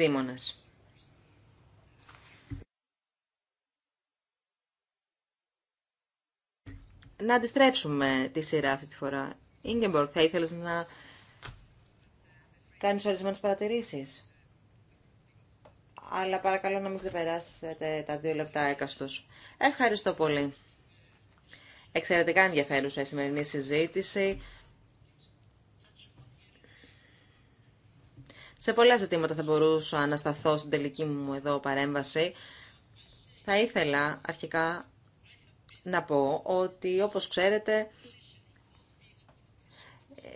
Να αντιστρέψουμε τη σειρά αυτή τη φορά. Ίγκεμπορκ, θα ήθελες να κάνεις ορισμένες παρατηρήσεις αλλά παρακαλώ να μην ξεπεράσετε τα δύο λεπτά έκαστος. Ευχαριστώ πολύ. Εξαιρετικά ενδιαφέρουσα η σημερινή συζήτηση. Σε πολλά ζητήματα θα μπορούσα να σταθώ στην τελική μου εδώ παρέμβαση. Θα ήθελα αρχικά να πω ότι όπως ξέρετε ε,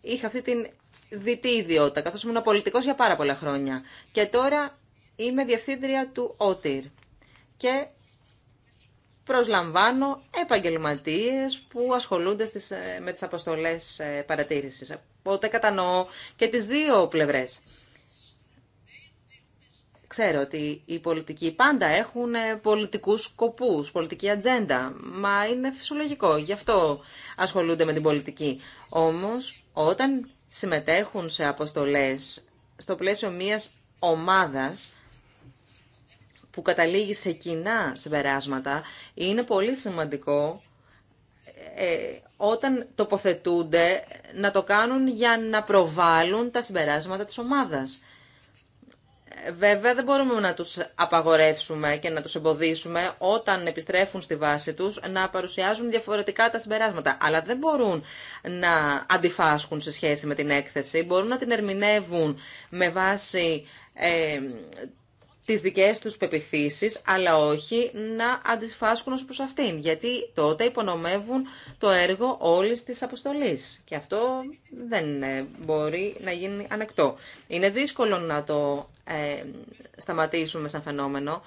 είχα αυτή την δυτή ιδιότητα, καθώς ήμουν πολιτικός για πάρα πολλά χρόνια. Και τώρα είμαι διευθύντρια του ΟΤΙΡ και προσλαμβάνω επαγγελματίες που ασχολούνται στις, ε, με τις αποστολές ε, παρατήρησης. Οπότε κατανοώ και τις δύο πλευρές. Ξέρω ότι οι πολιτικοί πάντα έχουν ε, πολιτικούς σκοπούς, πολιτική ατζέντα, μα είναι φυσιολογικό, γι' αυτό ασχολούνται με την πολιτική. Όμως, όταν συμμετέχουν σε αποστολές στο πλαίσιο μιας ομάδας που καταλήγει σε κοινά συμπεράσματα, είναι πολύ σημαντικό ε, όταν τοποθετούνται να το κάνουν για να προβάλλουν τα συμπεράσματα της ομάδας. Βέβαια δεν μπορούμε να τους απαγορεύσουμε και να τους εμποδίσουμε όταν επιστρέφουν στη βάση τους να παρουσιάζουν διαφορετικά τα συμπεράσματα. Αλλά δεν μπορούν να αντιφάσκουν σε σχέση με την έκθεση. Μπορούν να την ερμηνεύουν με βάση ε, τις δικές τους πεπιθήσεις, αλλά όχι να αντιφάσκουν ως προς αυτήν. Γιατί τότε υπονομεύουν το έργο όλης της αποστολής. Και αυτό δεν ε, μπορεί να γίνει ανεκτό. Είναι δύσκολο να το ε, σταματήσουμε σαν φαινόμενο.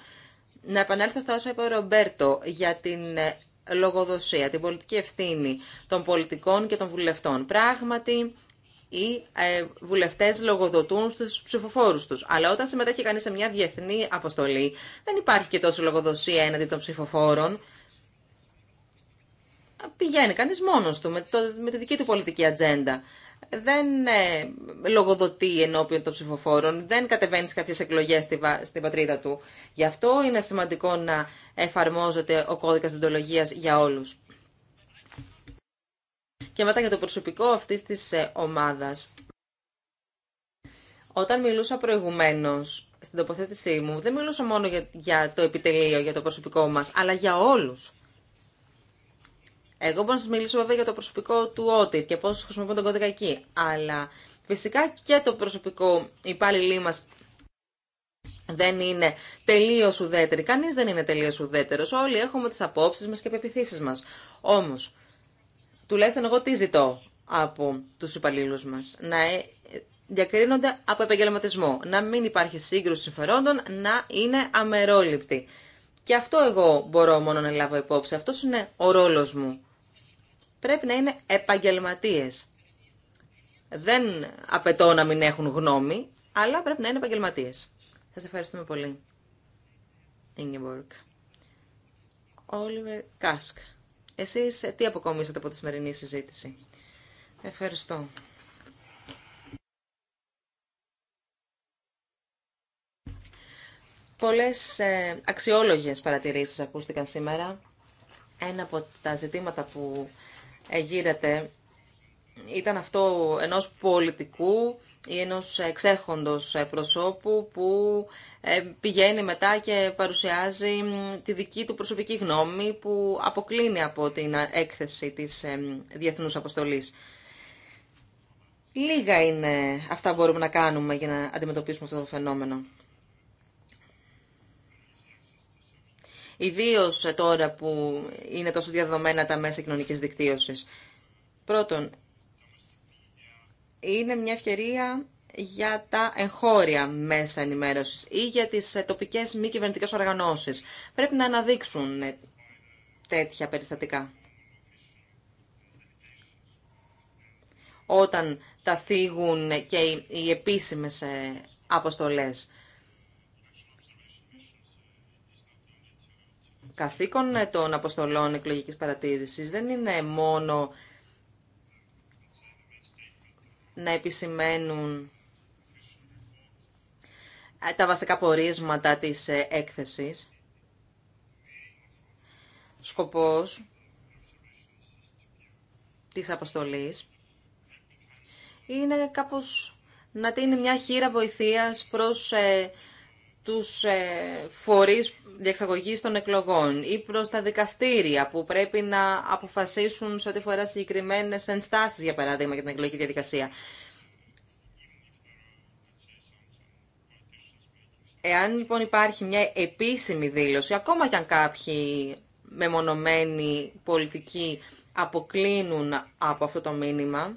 Να επανέλθω στα όσα είπε ο Ρομπέρτο για την ε, λογοδοσία, την πολιτική ευθύνη των πολιτικών και των βουλευτών. Πράγματι, οι ε, βουλευτές λογοδοτούν στους ψηφοφόρους τους. Αλλά όταν συμμετέχει κανείς σε μια διεθνή αποστολή, δεν υπάρχει και τόσο λογοδοσία έναντι των ψηφοφόρων. Πηγαίνει κανείς μόνος του με, με τη δική του πολιτική ατζέντα δεν ε, λογοδοτεί ενώπιον των ψηφοφόρων, δεν κατεβαίνει σε κάποιες εκλογές στην πατρίδα του. Γι' αυτό είναι σημαντικό να εφαρμόζεται ο κώδικας διοντολογίας για όλους. Και μετά για το προσωπικό αυτής της ε, ομάδα. Όταν μιλούσα προηγουμένως στην τοποθέτησή μου, δεν μιλούσα μόνο για, για το επιτελείο, για το προσωπικό μας, αλλά για όλους. Εγώ μπορώ να σα μιλήσω βέβαια για το προσωπικό του Ότιρ και πώ χρησιμοποιούν τον κώδικα εκεί. Αλλά φυσικά και το προσωπικό υπάλληλή μα δεν είναι τελείω ουδέτεροι. Κανεί δεν είναι τελείω ουδέτερο. Όλοι έχουμε τι απόψει μα και πεπιθήσει μα. Όμω, τουλάχιστον εγώ τι ζητώ από του υπαλλήλου μα. Να ε, διακρίνονται από επαγγελματισμό. Να μην υπάρχει σύγκρουση συμφερόντων, να είναι αμερόληπτοι. Και αυτό εγώ μπορώ μόνο να λάβω υπόψη. Αυτό είναι ο ρόλο μου πρέπει να είναι επαγγελματίες. Δεν απαιτώ να μην έχουν γνώμη, αλλά πρέπει να είναι επαγγελματίες. Σας ευχαριστούμε πολύ. Ingeborg. Oliver Kask. Εσείς τι αποκομίσατε από τη σημερινή συζήτηση. Ευχαριστώ. Πολλές ε, αξιόλογες παρατηρήσεις ακούστηκαν σήμερα. Ένα από τα ζητήματα που γύρεται ήταν αυτό ενός πολιτικού ή ενός εξέχοντος προσώπου που ε, πηγαίνει μετά και παρουσιάζει τη δική του προσωπική γνώμη που αποκλίνει από την ε, έκθεση της ε, Διεθνούς Αποστολής. Λίγα είναι αυτά που μπορούμε να κάνουμε για να αντιμετωπίσουμε αυτό το φαινόμενο. Ιδίω τώρα που είναι τόσο διαδομένα τα μέσα κοινωνική δικτύωση. Πρώτον, είναι μια ευκαιρία για τα εγχώρια μέσα ενημέρωση ή για τις ε, τοπικέ μη κυβερνητικέ οργανώσει. Πρέπει να αναδείξουν ε, τέτοια περιστατικά. Όταν τα θίγουν και οι επίσημες ε, αποστολές. καθήκον ε, των αποστολών εκλογικής παρατήρησης δεν είναι μόνο να επισημαίνουν ε, τα βασικά πορίσματα της ε, έκθεσης. Σκοπός της αποστολής είναι κάπως να είναι μια χείρα βοηθείας προς τους ε, φορείς διεξαγωγής των εκλογών ή προς τα δικαστήρια που πρέπει να αποφασίσουν σε ό,τι φορά συγκεκριμένε ενστάσεις, για παράδειγμα, για την εκλογική διαδικασία. Εάν λοιπόν υπάρχει μια επίσημη δήλωση, ακόμα κι αν κάποιοι μεμονωμένοι πολιτικοί αποκλίνουν από αυτό το μήνυμα,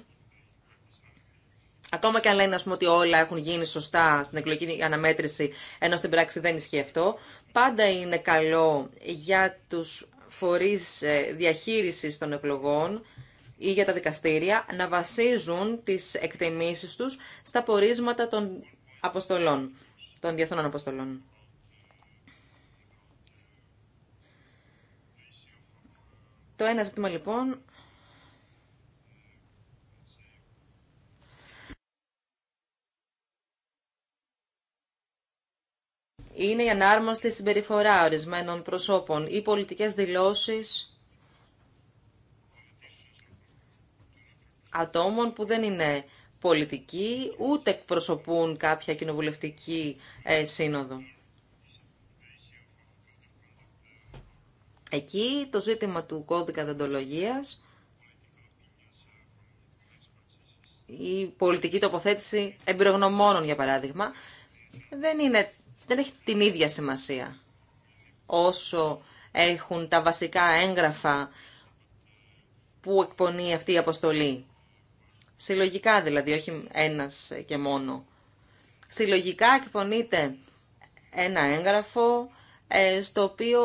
Ακόμα και αν λένε ας πούμε, ότι όλα έχουν γίνει σωστά στην εκλογική αναμέτρηση, ενώ στην πράξη δεν ισχύει αυτό, πάντα είναι καλό για τους φορείς ε, διαχείρισης των εκλογών ή για τα δικαστήρια να βασίζουν τις εκτιμήσεις τους στα πορίσματα των αποστολών, των διεθνών αποστολών. Το ένα ζήτημα λοιπόν είναι η ανάρμοστη συμπεριφορά ορισμένων προσώπων ή πολιτικές δηλώσεις ατόμων που δεν είναι πολιτικοί ούτε εκπροσωπούν κάποια κοινοβουλευτική ε, σύνοδο. Εκεί το ζήτημα του κώδικα δεντολογίας η πολιτική τοποθέτηση εμπειρογνωμόνων, για παράδειγμα, δεν είναι δεν έχει την ίδια σημασία όσο έχουν τα βασικά έγγραφα που εκπονεί αυτή η αποστολή. Συλλογικά δηλαδή, όχι ένας και μόνο. Συλλογικά εκπονείται ένα έγγραφο ε, στο οποίο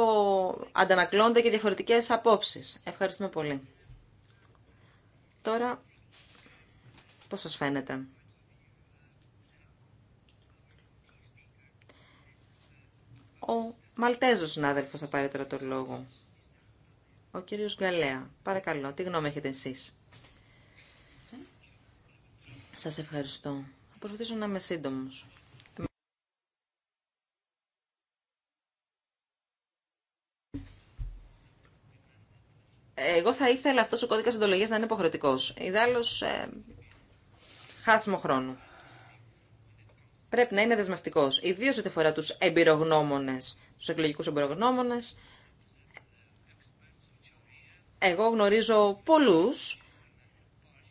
αντανακλώνται και διαφορετικές απόψεις. Ευχαριστούμε πολύ. Τώρα, πώς σας φαίνεται. Ο Μαλτέζος συνάδελφος θα πάρει τώρα τον λόγο. Ο κύριος Γκαλέα. Παρακαλώ, τι γνώμη έχετε εσείς. Σας ευχαριστώ. Θα προσπαθήσω να είμαι σύντομος. Εγώ θα ήθελα αυτός ο κώδικας συντολογίας να είναι υποχρεωτικός. Ιδάλλως, ε, χάσιμο χρόνο πρέπει να είναι δεσμευτικό. Ιδίω ό,τι αφορά του εμπειρογνώμονε, του εκλογικού εμπειρογνώμονε. Εγώ γνωρίζω πολλού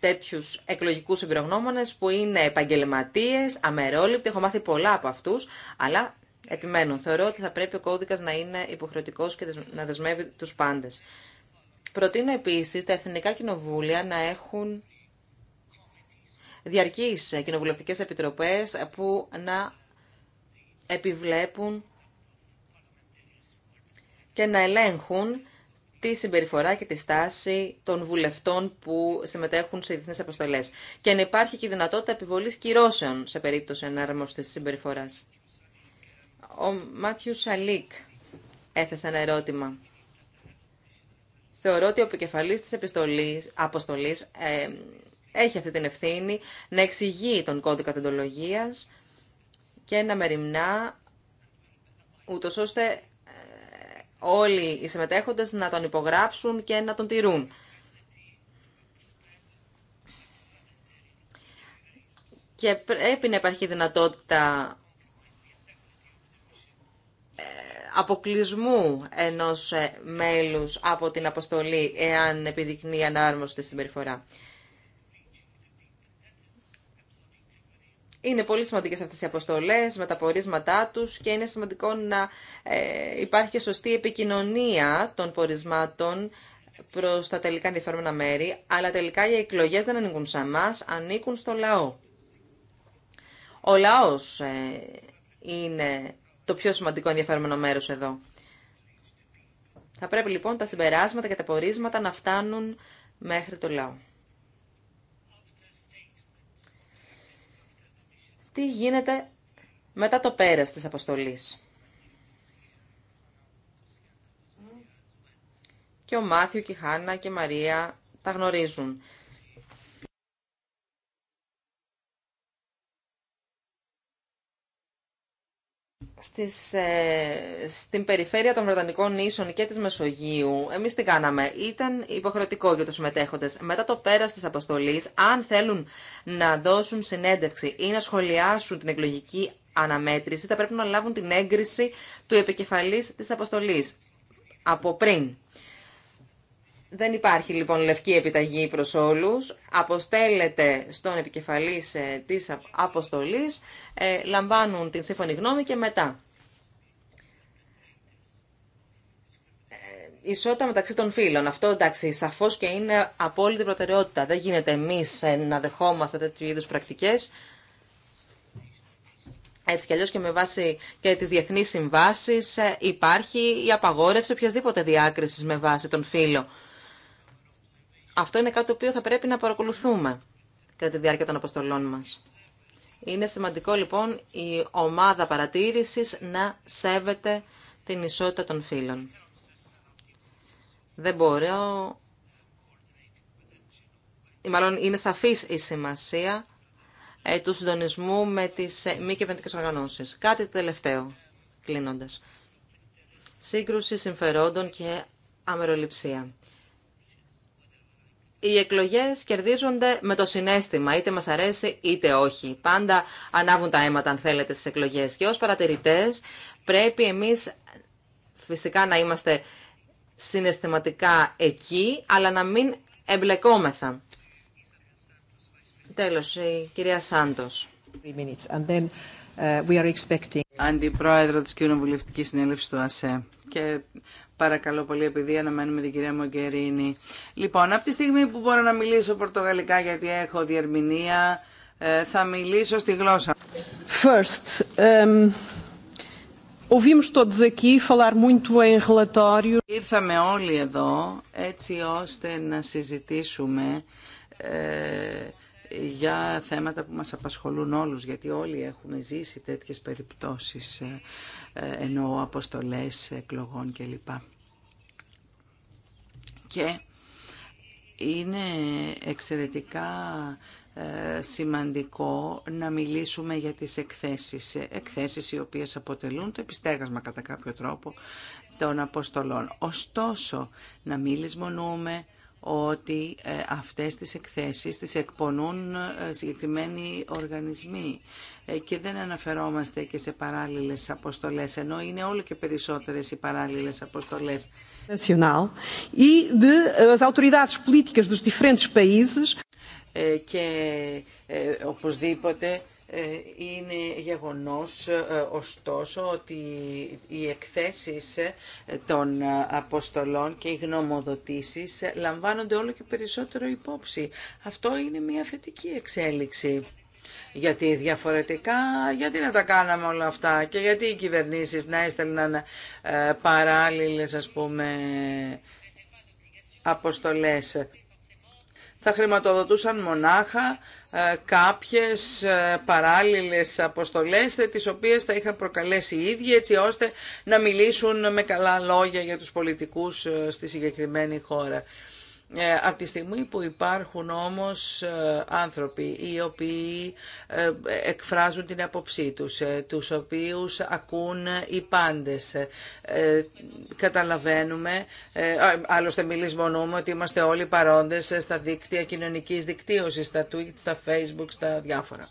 τέτοιου εκλογικού εμπειρογνώμονε που είναι επαγγελματίε, αμερόληπτοι. Έχω μάθει πολλά από αυτού, αλλά επιμένω. Θεωρώ ότι θα πρέπει ο κώδικα να είναι υποχρεωτικό και να δεσμεύει του πάντε. Προτείνω επίση τα εθνικά κοινοβούλια να έχουν διαρκείς κοινοβουλευτικές επιτροπές που να επιβλέπουν και να ελέγχουν τη συμπεριφορά και τη στάση των βουλευτών που συμμετέχουν σε διεθνείς αποστολές. Και να υπάρχει και η δυνατότητα επιβολής κυρώσεων σε περίπτωση της συμπεριφοράς. Ο Μάτιου Σαλίκ έθεσε ένα ερώτημα. Θεωρώ ότι ο επικεφαλής της επιστολής, αποστολής ε, έχει αυτή την ευθύνη να εξηγεί τον κώδικα τεντολογίας και να μεριμνά ούτω ώστε ε, όλοι οι συμμετέχοντες να τον υπογράψουν και να τον τηρούν. Και πρέπει να υπάρχει δυνατότητα ε, αποκλεισμού ενός ε, μέλους από την αποστολή εάν επιδεικνύει ανάρμοστη συμπεριφορά. Είναι πολύ σημαντικές αυτές οι αποστολές με τα πορίσματά τους και είναι σημαντικό να ε, υπάρχει και σωστή επικοινωνία των πορισμάτων προς τα τελικά ενδιαφέρομενα μέρη, αλλά τελικά οι εκλογές δεν ανήκουν σε εμά, ανήκουν στο λαό. Ο λαός ε, είναι το πιο σημαντικό ενδιαφέρομενο μέρος εδώ. Θα πρέπει λοιπόν τα συμπεράσματα και τα πορίσματα να φτάνουν μέχρι το λαό. τι γίνεται μετά το πέρας της αποστολής. Και ο Μάθιο και η Χάνα και η Μαρία τα γνωρίζουν. Ε, στην περιφέρεια των Βρετανικών νήσων και της Μεσογείου, εμείς τι κάναμε, ήταν υποχρεωτικό για τους συμμετέχοντες. Μετά το πέρας της αποστολής, αν θέλουν να δώσουν συνέντευξη ή να σχολιάσουν την εκλογική αναμέτρηση, θα πρέπει να λάβουν την έγκριση του επικεφαλής της αποστολής από πριν. Δεν υπάρχει λοιπόν λευκή επιταγή προς όλους. Αποστέλλεται στον επικεφαλής ε, της αποστολής, ε, λαμβάνουν την σύμφωνη γνώμη και μετά. Ε, ισότητα μεταξύ των φίλων. Αυτό εντάξει, σαφώς και είναι απόλυτη προτεραιότητα. Δεν γίνεται εμεί να δεχόμαστε τέτοιου είδου πρακτικές. Έτσι κι αλλιώ και με βάση και τι συμβάσεις συμβάσει υπάρχει η απαγόρευση οποιασδήποτε διάκριση με βάση τον φίλο. Αυτό είναι κάτι το οποίο θα πρέπει να παρακολουθούμε κατά τη διάρκεια των αποστολών μας. Είναι σημαντικό λοιπόν η ομάδα παρατήρησης να σέβεται την ισότητα των φίλων. Δεν μπορώ... Ή μάλλον είναι σαφής η σημασία ε, του συντονισμού με τις ε, μη κυβερνητικές οργανώσεις. Κάτι τελευταίο, κλείνοντας. Σύγκρουση συμφερόντων και αμεροληψία οι εκλογές κερδίζονται με το συνέστημα, είτε μας αρέσει είτε όχι. Πάντα ανάβουν τα αίματα αν θέλετε στις εκλογές και ως παρατηρητές πρέπει εμείς φυσικά να είμαστε συναισθηματικά εκεί, αλλά να μην εμπλεκόμεθα. Τέλος, η κυρία Σάντος. Uh, Αντιπρόεδρο της Κοινοβουλευτικής Συνέλευσης του ΑΣΕ. Και παρακαλώ πολύ επειδή αναμένουμε την κυρία Μογκερίνη. Λοιπόν, από τη στιγμή που μπορώ να μιλήσω πορτογαλικά γιατί έχω διερμηνία, ε, θα μιλήσω στη γλώσσα. First, Ήρθαμε όλοι εδώ έτσι ώστε να συζητήσουμε ε, για θέματα που μας απασχολούν όλους, γιατί όλοι έχουμε ζήσει τέτοιες περιπτώσεις, ε, ε, εννοώ αποστολές εκλογών κλπ. Και είναι εξαιρετικά ε, σημαντικό να μιλήσουμε για τις εκθέσεις. Εκθέσεις οι οποίες αποτελούν το επιστέγασμα κατά κάποιο τρόπο των αποστολών. Ωστόσο, να μην λησμονούμε ότι ε, αυτές τις εκθέσεις τις εκπονούν ε, συγκεκριμένοι οργανισμοί ε, και δεν αναφερόμαστε και σε παράλληλες αποστολές, ενώ είναι όλο και περισσότερες οι παράλληλες αποστολές. E eh, και οπωσδήποτε ε, είναι γεγονός ε, ωστόσο ότι οι εκθέσεις ε, των αποστολών και οι γνωμοδοτήσεις λαμβάνονται όλο και περισσότερο υπόψη. Αυτό είναι μια θετική εξέλιξη. Γιατί διαφορετικά, γιατί να τα κάναμε όλα αυτά και γιατί οι κυβερνήσεις να έστελναν παράλληλες ας πούμε αποστολές. Θα χρηματοδοτούσαν μονάχα ε, κάποιες ε, παράλληλες αποστολές τις οποίες θα είχαν προκαλέσει οι ίδιοι έτσι ώστε να μιλήσουν με καλά λόγια για τους πολιτικούς ε, στη συγκεκριμένη χώρα. Ε, από τη στιγμή που υπάρχουν όμως ε, άνθρωποι οι οποίοι ε, εκφράζουν την αποψή τους, τους οποίους ακούν οι πάντες, καταλαβαίνουμε, άλλωστε μιλισμονούμε ότι είμαστε όλοι παρόντες στα δίκτυα κοινωνικής δικτύωσης, στα tweets, στα Facebook, στα διάφορα.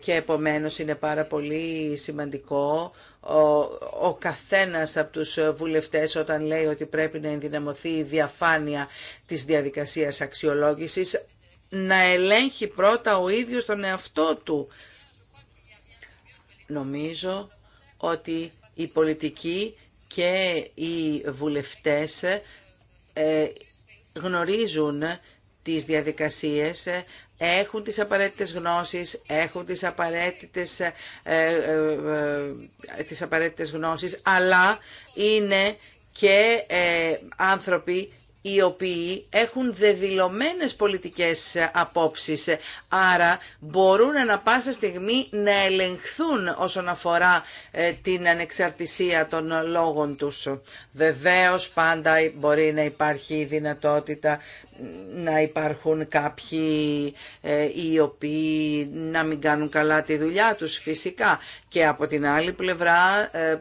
Και επομένως είναι πάρα πολύ σημαντικό ο, ο καθένας από τους βουλευτές όταν λέει ότι πρέπει να ενδυναμωθεί η διαφάνεια της διαδικασίας αξιολόγησης να ελέγχει πρώτα ο ίδιος τον εαυτό του. Νομίζω ότι οι πολιτικοί και οι βουλευτές ε, γνωρίζουν τις διαδικασίες, ε, έχουν τις απαραίτητες γνώσεις, έχουν τις απαραίτητες, ε, ε, τις απαραίτητες γνώσεις, αλλά είναι και άνθρωποι οι οποίοι έχουν δεδηλωμένες πολιτικές απόψεις, άρα μπορούν ανα πάσα στιγμή να ελεγχθούν όσον αφορά ε, την ανεξαρτησία των λόγων τους. Βεβαίως πάντα μπορεί να υπάρχει η δυνατότητα να υπάρχουν κάποιοι ε, οι οποίοι να μην κάνουν καλά τη δουλειά τους φυσικά και από την άλλη πλευρά ε,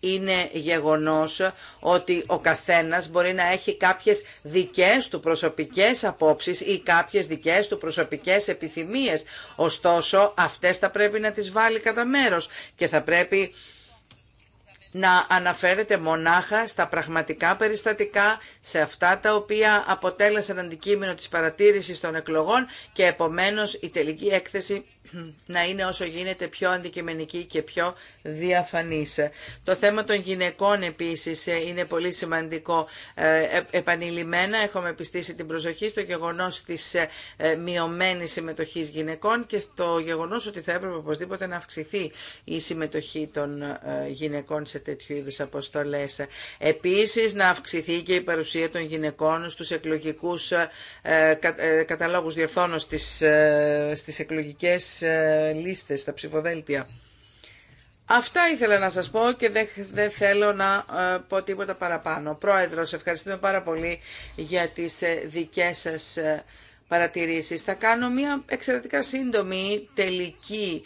είναι γεγονός ότι ο καθένας μπορεί να έχει κάποιες δικές του προσωπικές απόψεις ή κάποιες δικές του προσωπικές επιθυμίες. Ωστόσο, αυτές θα πρέπει να τις βάλει κατά μέρος και θα πρέπει να αναφέρεται μονάχα στα πραγματικά περιστατικά, σε αυτά τα οποία αποτέλεσαν αντικείμενο της παρατήρησης των εκλογών και επομένως η τελική έκθεση να είναι όσο γίνεται πιο αντικειμενική και πιο διαφανής. Το θέμα των γυναικών επίσης ε, είναι πολύ σημαντικό. Ε, ε, επανειλημμένα έχουμε επιστήσει την προσοχή στο γεγονός της μειωμένης συμμετοχής γυναικών και στο γεγονός ότι θα έπρεπε οπωσδήποτε να αυξηθεί η συμμετοχή των γυναικών σε τέτοιου είδους αποστολές. Επίσης να αυξηθεί και η παρουσία των γυναικών στους εκλογικούς καταλόγους ε, στις εκλογικές ε, λίστες, τα ψηφοδέλτια. Αυτά ήθελα να σας πω και δεν, θέλω να ε, πω τίποτα παραπάνω. Πρόεδρος, ευχαριστούμε πάρα πολύ για τις ε, δικές σας παρατηρήσεις. Θα κάνω μια εξαιρετικά σύντομη τελική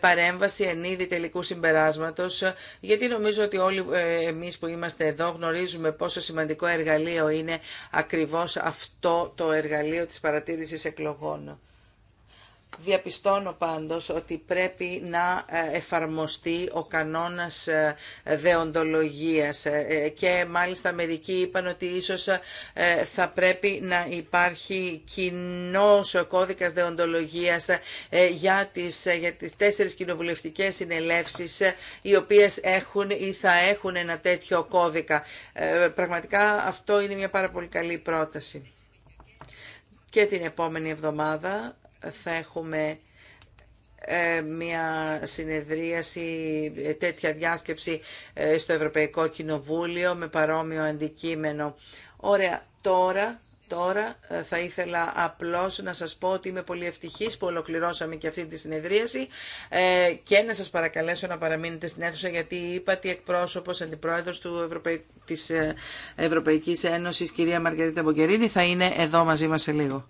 παρέμβαση εν είδη τελικού συμπεράσματος, γιατί νομίζω ότι όλοι εμείς που είμαστε εδώ γνωρίζουμε πόσο σημαντικό εργαλείο είναι ακριβώς αυτό το εργαλείο της παρατήρησης εκλογών. Διαπιστώνω πάντως ότι πρέπει να ε, εφαρμοστεί ο κανόνας ε, δεοντολογίας ε, και μάλιστα μερικοί είπαν ότι ίσως θα πρέπει να υπάρχει κοινό κώδικας δεοντολογίας για τις, για τις τέσσερις κοινοβουλευτικές συνελεύσεις οι οποίες έχουν ή θα έχουν ένα τέτοιο κώδικα. Πραγματικά αυτό είναι μια πάρα πολύ καλή πρόταση. Και την επόμενη εβδομάδα θα έχουμε ε, μια συνεδρίαση, ε, τέτοια διάσκεψη ε, στο Ευρωπαϊκό Κοινοβούλιο με παρόμοιο αντικείμενο. Ωραία, τώρα Τώρα θα ήθελα απλώς να σας πω ότι είμαι πολύ ευτυχής που ολοκληρώσαμε και αυτή τη συνεδρίαση και να σας παρακαλέσω να παραμείνετε στην αίθουσα γιατί είπα ότι εκπρόσωπος αντιπρόεδρος του Ευρωπαϊ... της Ευρωπαϊκής Ένωσης κυρία Μαργαρίτα Μπογκερίνη θα είναι εδώ μαζί μας σε λίγο.